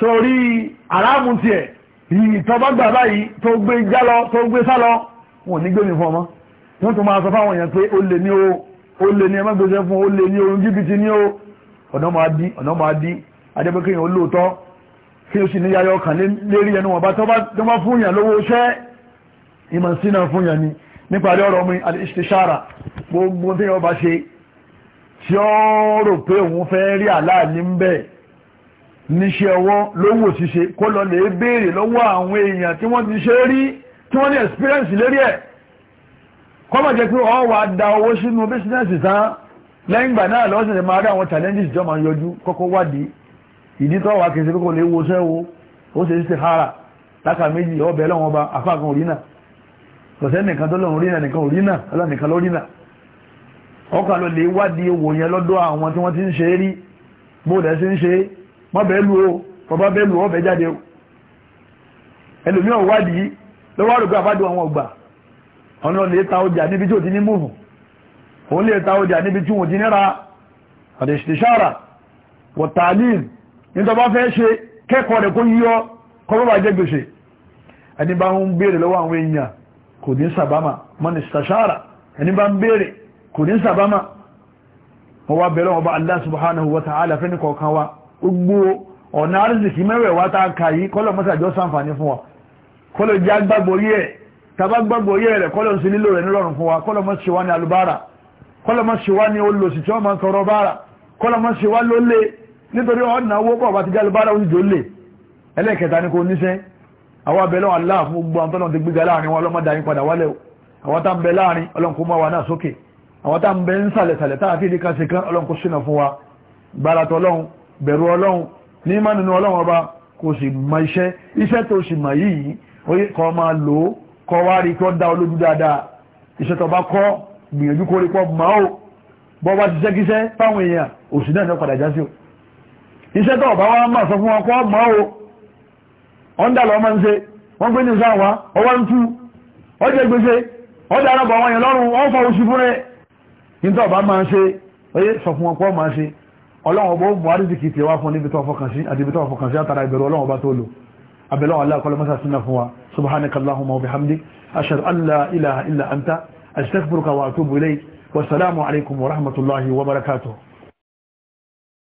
sórí aráàmù tiẹ̀ ìyìn tó bá gbà báyìí tó gbé jálọ tó gbé sálọ wọn ò ní gbé mi fún ọmọ wọ́n tún máa sọ fáwọn èèyàn pé ó lè ní o ó lè ní ẹmẹ́gbẹ̀ẹ́sẹ́ fún ó lè ní orun jìbìtì ní o ọ̀nà máa dí ọ̀nà máa dí adébẹ́kẹ́ èèyàn olóòótọ́ kí o sì ní yayọ ọkàn lérí ẹnu wọn bá tó bá fún yàn lówó iṣẹ́ ìmọ̀ sínà fún yàn ni nípa rí ọ̀rọ̀ mi al gbogbo tí yọ bá ṣe tí ó rò pé òun fẹ́ rí aláàlí ń bẹ̀ níṣẹ́ ọwọ́ lówó ṣíṣe kó lọ lè béèrè lọ́wọ́ àwọn èèyàn tí wọ́n ti ṣe rí tí wọ́n ní experience lérí ẹ̀ kọ́mọ̀ jẹ́ pé ọ wà da owó sínú bísínẹ́sì tán lẹ́yìn ìgbà náà lọ́sẹ̀ lè máa rí àwọn challenges jọ máa yọjú kọ́kọ́ wádìí ìdí tó wà kìí ṣe kókò lè wo sẹ́wọ́ ó ṣe ṣe hara láka méjì ọbẹ̀ lọ́wọ́ ọba afákan òrínà kọ̀sẹ́ nìkan tó lọ́run rínà nìkan òrínà ọlọ́nìkan lórínà ọkà lọ lè wádìí owó yẹn lọ́dọ̀ àwọn tí wọ́n ti ń ṣe rí bóòdẹ̀ sí ń ṣe mọ́ bẹ́ẹ̀ lu o bàbá bẹ́ẹ̀ lu ọbẹ̀ jáde o ẹlòmíràn wádìí lọ́wọ́ àrùgbà bá dùn àwọn ọgbà òun lọ lè ta ọjà níbi tí ò ti ní múùfù òun lè ta ọjà níbi tí wọ́n ti ní ra àdìsìtìṣára wọ̀tàlín nítọba fẹ́ ṣe kẹ́kọ̀ọ́ rẹ̀ kó yíyọ kọ́bọ́bà jẹ́ gbèsè ẹni bá ń bèèrè lọ́wọ́ àwọn èèyàn kò ní sàbámà mọ́nìsìtìṣára ẹni bá ń bèèrè kò ní sàbámà wọ́n wá bẹ̀rẹ̀ ọba Allah subhanahu wa ta'ala fẹ́ni kọ̀ọ̀kan wa gbogbo ọ̀nà àrísìkí mẹ́wẹ̀ẹ́wá tá a kọ́lọ̀ mọ́sàjọ́ sàǹfààní fún wa kọ́lọ̀ jẹ́ agbáborí ẹ̀ tàbá gbàgbọ́ yẹ́ rẹ̀ kọ́lọ̀ sí lílò rẹ̀ nírọ̀rùn fún wa kọ́lọ̀ mọ́ ṣe wá ní alubára kọ́lọ̀ mọ́ ṣe wá ní olùsì tí wọ́n máa ń sọ̀rọ̀ bára kọ́lọ̀ mọ́ ṣe wá ló lé nítorí ọ̀nà owó pọ̀ bá ti jẹ́ alubára oúnjẹ ó lè ẹlẹ́ẹ̀kẹta ní kò níṣẹ́ àwọn abẹ́lẹ́ Allah fún gbogbo àwọn tọ́lọ́ gbígbà láàrin wọn ọlọ́mọdé ayín padà wálẹ̀ àwọn tá ń bẹ láàrin ọlọ́nkó mọ́ wa náà sókè àwọn tá ń bẹ ń kọ wá rí kọ́ dá olójú dáadáa iṣẹ́ tó bá kọ́ gbìyànjú kó rí pọ́ ma ó bọ́ bá ti ṣẹ́kíṣẹ́ fáwọn èèyàn òsì náà ní padà já sí o iṣẹ́ tó bá wá máa sọ fún wọn kọ́ ma ó ọ́n dà lọ́ máa ń ṣe wọ́n gbé ní sáwà ọwọ́ ń tú ọjọ́ gbèsè ọjọ́ arábọ̀ wọn yẹn lọ́rùn wọ́n fa oṣù fún rẹ̀ nítọ́ ابلو الله كل ما سنه هو سبحانك اللهم وبحمدك اشهد ان لا اله الا انت استغفرك واتوب اليك والسلام عليكم ورحمه الله وبركاته